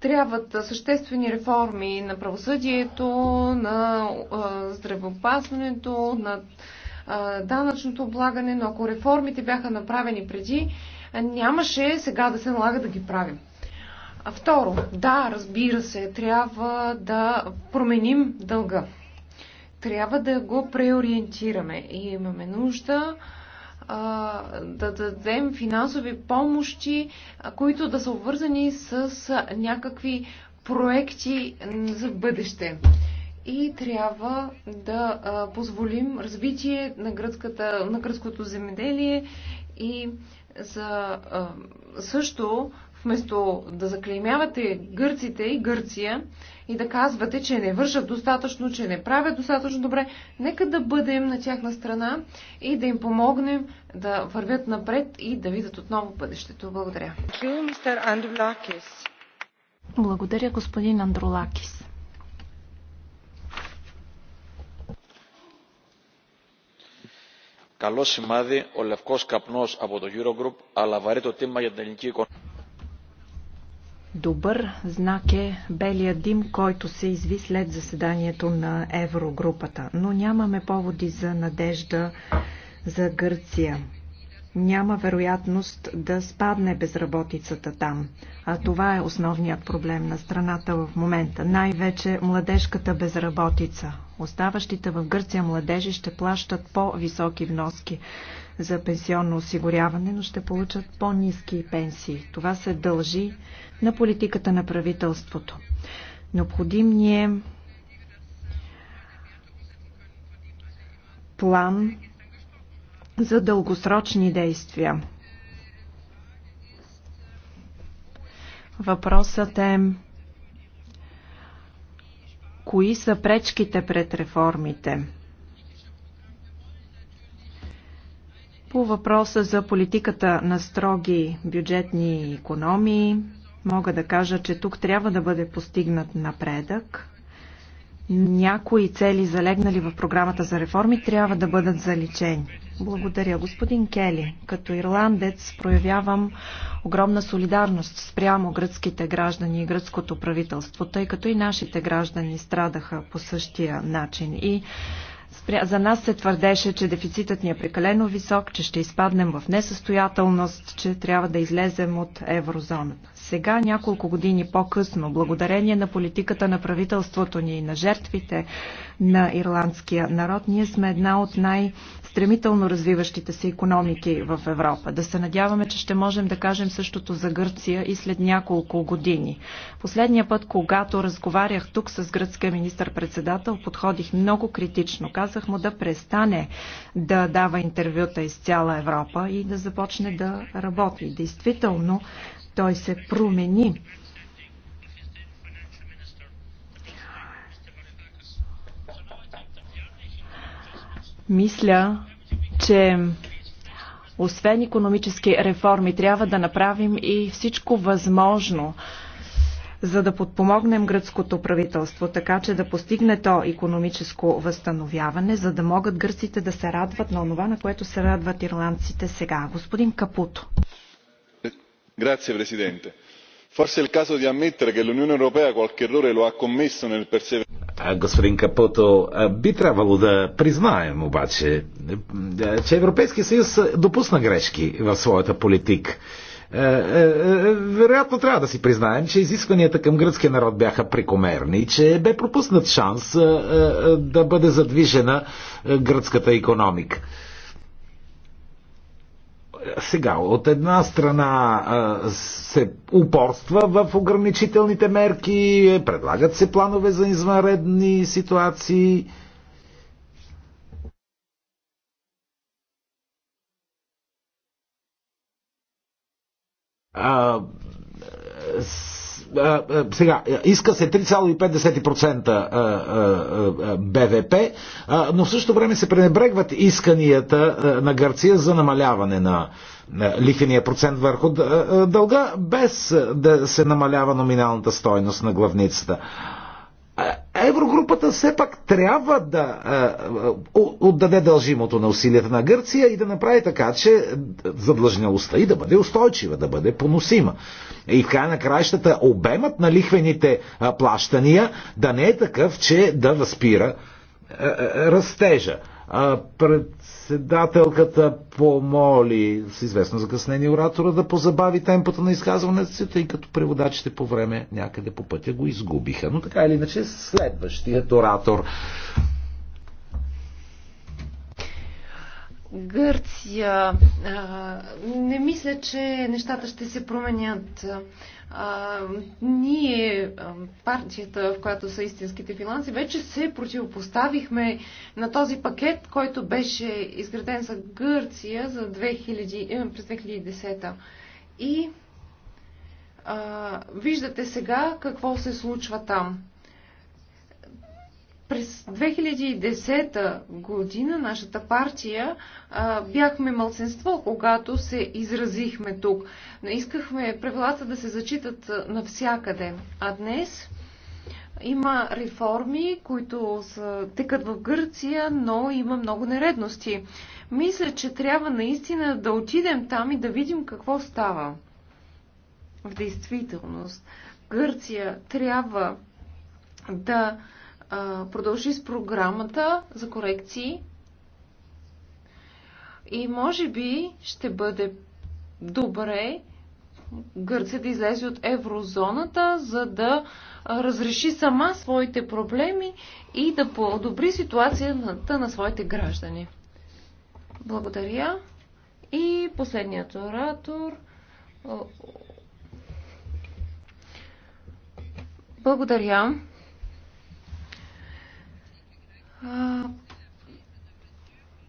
трябват съществени реформи на правосъдието, на здравеопазването, на данъчното облагане, но ако реформите бяха направени преди, нямаше сега да се налага да ги правим. А второ, да, разбира се, трябва да променим дълга. Трябва да го преориентираме и имаме нужда а, да дадем финансови помощи, които да са обвързани с някакви проекти за бъдеще. И трябва да а, позволим развитие на, гръцката, на гръцкото земеделие и за а, също Вместо да заклеймявате гърците и Гърция и да казвате, че не вършат достатъчно, че не правят достатъчно добре, нека да бъдем на тяхна страна и да им помогнем да вървят напред и да видят отново бъдещето. Благодаря. Благодаря, господин Андролакис. Καλό σημάδι ο λευκός καπνός από το Eurogroup, αλλά βαρύ το τίμα για την ελληνική οικονομία. Добър знак е белия дим, който се изви след заседанието на Еврогрупата. Но нямаме поводи за надежда за Гърция. Няма вероятност да спадне безработицата там. А това е основният проблем на страната в момента. Най-вече младежката безработица. Оставащите в Гърция младежи ще плащат по-високи вноски за пенсионно осигуряване, но ще получат по-низки пенсии. Това се дължи на политиката на правителството. Необходим ни е план за дългосрочни действия. Въпросът е кои са пречките пред реформите? По въпроса за политиката на строги бюджетни економии, мога да кажа, че тук трябва да бъде постигнат напредък. Някои цели, залегнали в програмата за реформи, трябва да бъдат заличени. Благодаря, господин Кели. Като ирландец проявявам огромна солидарност спрямо гръцките граждани и гръцкото правителство, тъй като и нашите граждани страдаха по същия начин. И за нас се твърдеше, че дефицитът ни е прекалено висок, че ще изпаднем в несъстоятелност, че трябва да излезем от еврозоната. Сега, няколко години по-късно, благодарение на политиката на правителството ни и на жертвите на ирландския народ, ние сме една от най-стремително развиващите се економики в Европа. Да се надяваме, че ще можем да кажем същото за Гърция и след няколко години. Последния път, когато разговарях тук с гръцкия министр-председател, подходих много критично. Казах му да престане да дава интервюта из цяла Европа и да започне да работи. Действително, той се промени. Мисля, че освен економически реформи, трябва да направим и всичко възможно, за да подпомогнем гръцкото правителство, така че да постигне то економическо възстановяване, за да могат гърците да се радват на онова, на което се радват ирландците сега. Господин Капуто signor presidente onorevoli colleghi forse è il caso di ammettere che l'unione europea qualche errore lo ha commesso nel Господин Капото, би трябвало да признаем обаче, че Европейския съюз допусна грешки в своята политика. Вероятно трябва да си признаем, че изискванията към гръцкия народ бяха прекомерни, че бе пропуснат шанс да бъде задвижена гръцката економика сега, от една страна се упорства в ограничителните мерки, е, предлагат се планове за извънредни ситуации. А, сега, иска се 3,5% БВП, но в същото време се пренебрегват исканията на Гърция за намаляване на лихвения процент върху дълга, без да се намалява номиналната стойност на главницата. Еврогрупата все пак трябва да отдаде дължимото на усилията на Гърция и да направи така, че задлъжнялостта и да бъде устойчива, да бъде поносима. И в края на краищата обемът на лихвените плащания да не е такъв, че да възпира растежа. Председателката помоли с известно закъснение оратора да позабави темпата на изказването си, тъй като преводачите по време някъде по пътя го изгубиха. Но така или иначе следващият оратор. Гърция. Не мисля, че нещата ще се променят. Ние, партията, в която са истинските финанси, вече се противопоставихме на този пакет, който беше изграден за Гърция за 2000, през 2010. И а, виждате сега какво се случва там. През 2010 година нашата партия а, бяхме мълценство, когато се изразихме тук. Но искахме правилата да се зачитат навсякъде. А днес има реформи, които са, текат в Гърция, но има много нередности. Мисля, че трябва наистина да отидем там и да видим какво става. В действителност, Гърция трябва да продължи с програмата за корекции и може би ще бъде добре Гърция да излезе от еврозоната, за да разреши сама своите проблеми и да подобри ситуацията на своите граждани. Благодаря. И последният оратор. Благодаря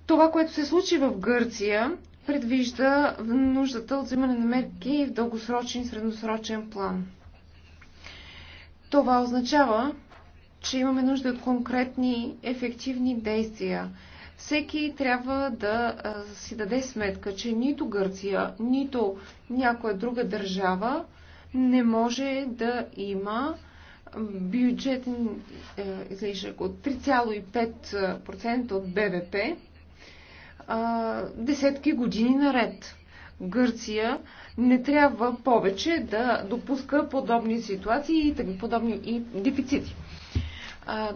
това, което се случи в Гърция, предвижда нуждата от взимане на мерки в дългосрочен и средносрочен план. Това означава, че имаме нужда от конкретни, ефективни действия. Всеки трябва да си даде сметка, че нито Гърция, нито някоя друга държава не може да има бюджетен е, излишък от 3,5% от БВП десетки години наред. Гърция не трябва повече да допуска подобни ситуации и подобни и дефицити.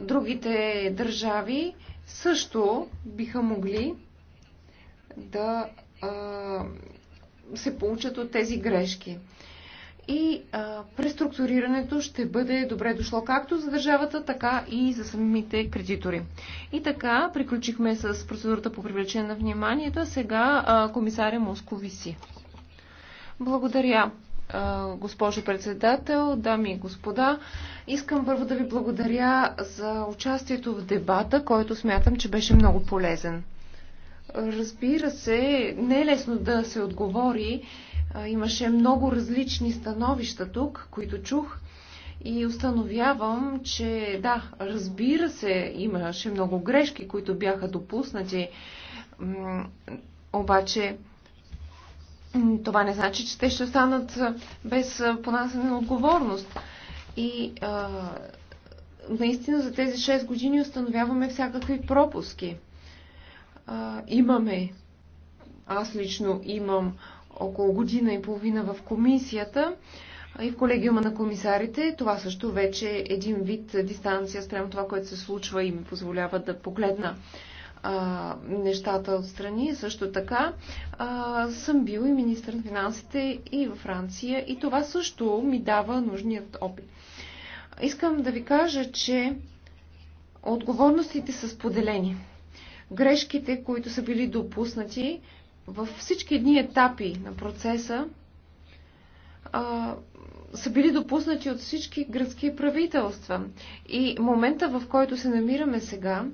Другите държави също биха могли да се получат от тези грешки и а, преструктурирането ще бъде добре дошло както за държавата, така и за самите кредитори. И така, приключихме с процедурата по привлечение на вниманието, а сега а, комисаря Московиси. Благодаря, а, госпожо председател, дами и господа. Искам първо да ви благодаря за участието в дебата, който смятам, че беше много полезен. Разбира се, не е лесно да се отговори Имаше много различни становища тук, които чух и установявам, че да, разбира се, имаше много грешки, които бяха допуснати, обаче това не значи, че те ще останат без понасене на отговорност. И а, наистина за тези 6 години установяваме всякакви пропуски. А, имаме, аз лично имам около година и половина в комисията и в колегиума на комисарите. Това също вече е един вид дистанция спрямо това, което се случва и ми позволява да погледна а, нещата отстрани. Също така а, съм бил и министър на финансите и във Франция и това също ми дава нужният опит. Искам да ви кажа, че отговорностите са споделени. Грешките, които са били допуснати, във всички едни етапи на процеса а, са били допуснати от всички гръцки правителства. И момента, в който се намираме сега,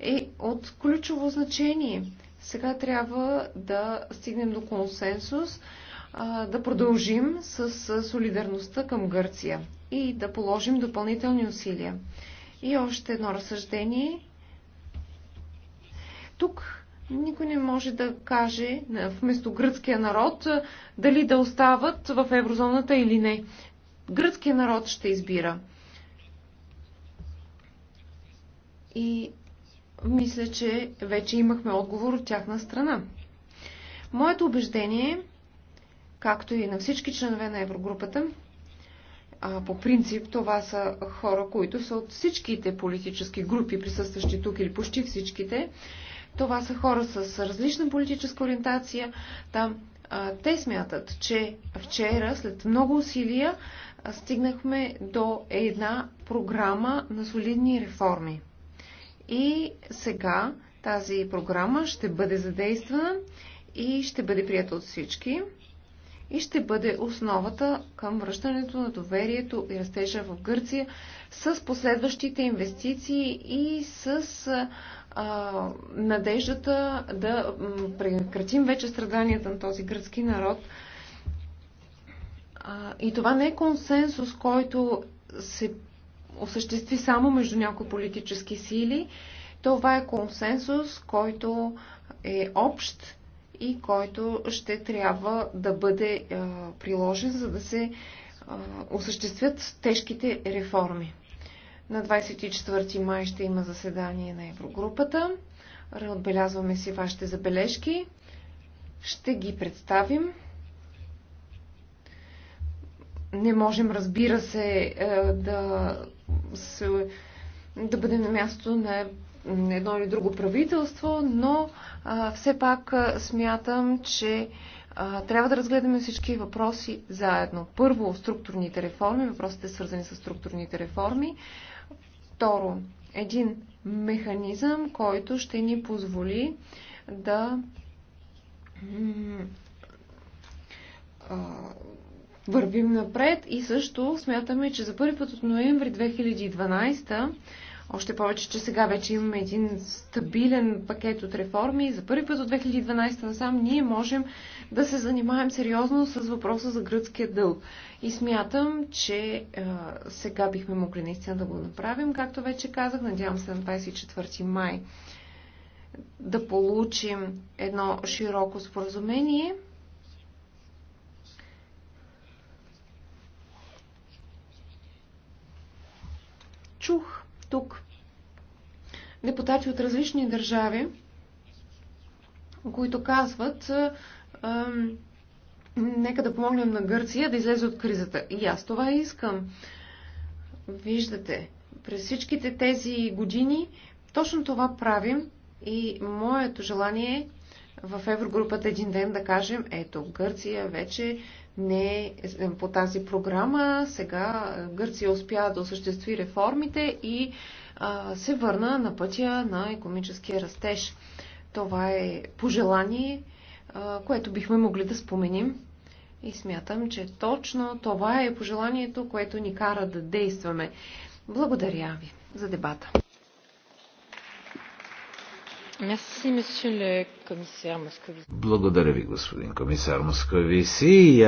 е от ключово значение. Сега трябва да стигнем до консенсус, а, да продължим с, с солидарността към Гърция и да положим допълнителни усилия. И още едно разсъждение. Тук никой не може да каже е, вместо гръцкия народ е, дали да остават в еврозоната или не. Гръцкия народ ще избира. И мисля, че вече имахме отговор от тяхна страна. Моето убеждение, както и на всички членове на Еврогрупата, а, по принцип това са хора, които са от всичките политически групи, присъстващи тук или почти всичките, това са хора с различна политическа ориентация. Там а, те смятат, че вчера, след много усилия, стигнахме до една програма на солидни реформи. И сега тази програма ще бъде задействана и ще бъде прията от всички и ще бъде основата към връщането на доверието и растежа в Гърция с последващите инвестиции и с надеждата да прекратим вече страданията на този гръцки народ. И това не е консенсус, който се осъществи само между някои политически сили. Това е консенсус, който е общ и който ще трябва да бъде приложен, за да се осъществят тежките реформи. На 24 май ще има заседание на Еврогрупата. Отбелязваме си вашите забележки. Ще ги представим. Не можем, разбира се, е, да, се, да бъдем на място на едно или друго правителство, но а, все пак смятам, че а, трябва да разгледаме всички въпроси заедно. Първо, структурните реформи, въпросите свързани с структурните реформи. Второ, един механизъм, който ще ни позволи да вървим напред и също смятаме, че за първи път от ноември 2012 още повече, че сега вече имаме един стабилен пакет от реформи. За първи път от 2012 насам ние можем да се занимаем сериозно с въпроса за гръцкия дълг. И смятам, че а, сега бихме могли наистина да го направим. Както вече казах, надявам се на 24 май да получим едно широко споразумение. Чух тук депутати от различни държави, които казват, нека да помогнем на Гърция да излезе от кризата. И аз това искам. Виждате, през всичките тези години точно това правим и моето желание е в Еврогрупата един ден да кажем, ето, Гърция вече не по тази програма. Сега Гърция успя да осъществи реформите и а, се върна на пътя на економическия растеж. Това е пожелание, а, което бихме могли да споменим. И смятам, че точно това е пожеланието, което ни кара да действаме. Благодаря ви за дебата. Благодаря ви, господин комисар Московиси.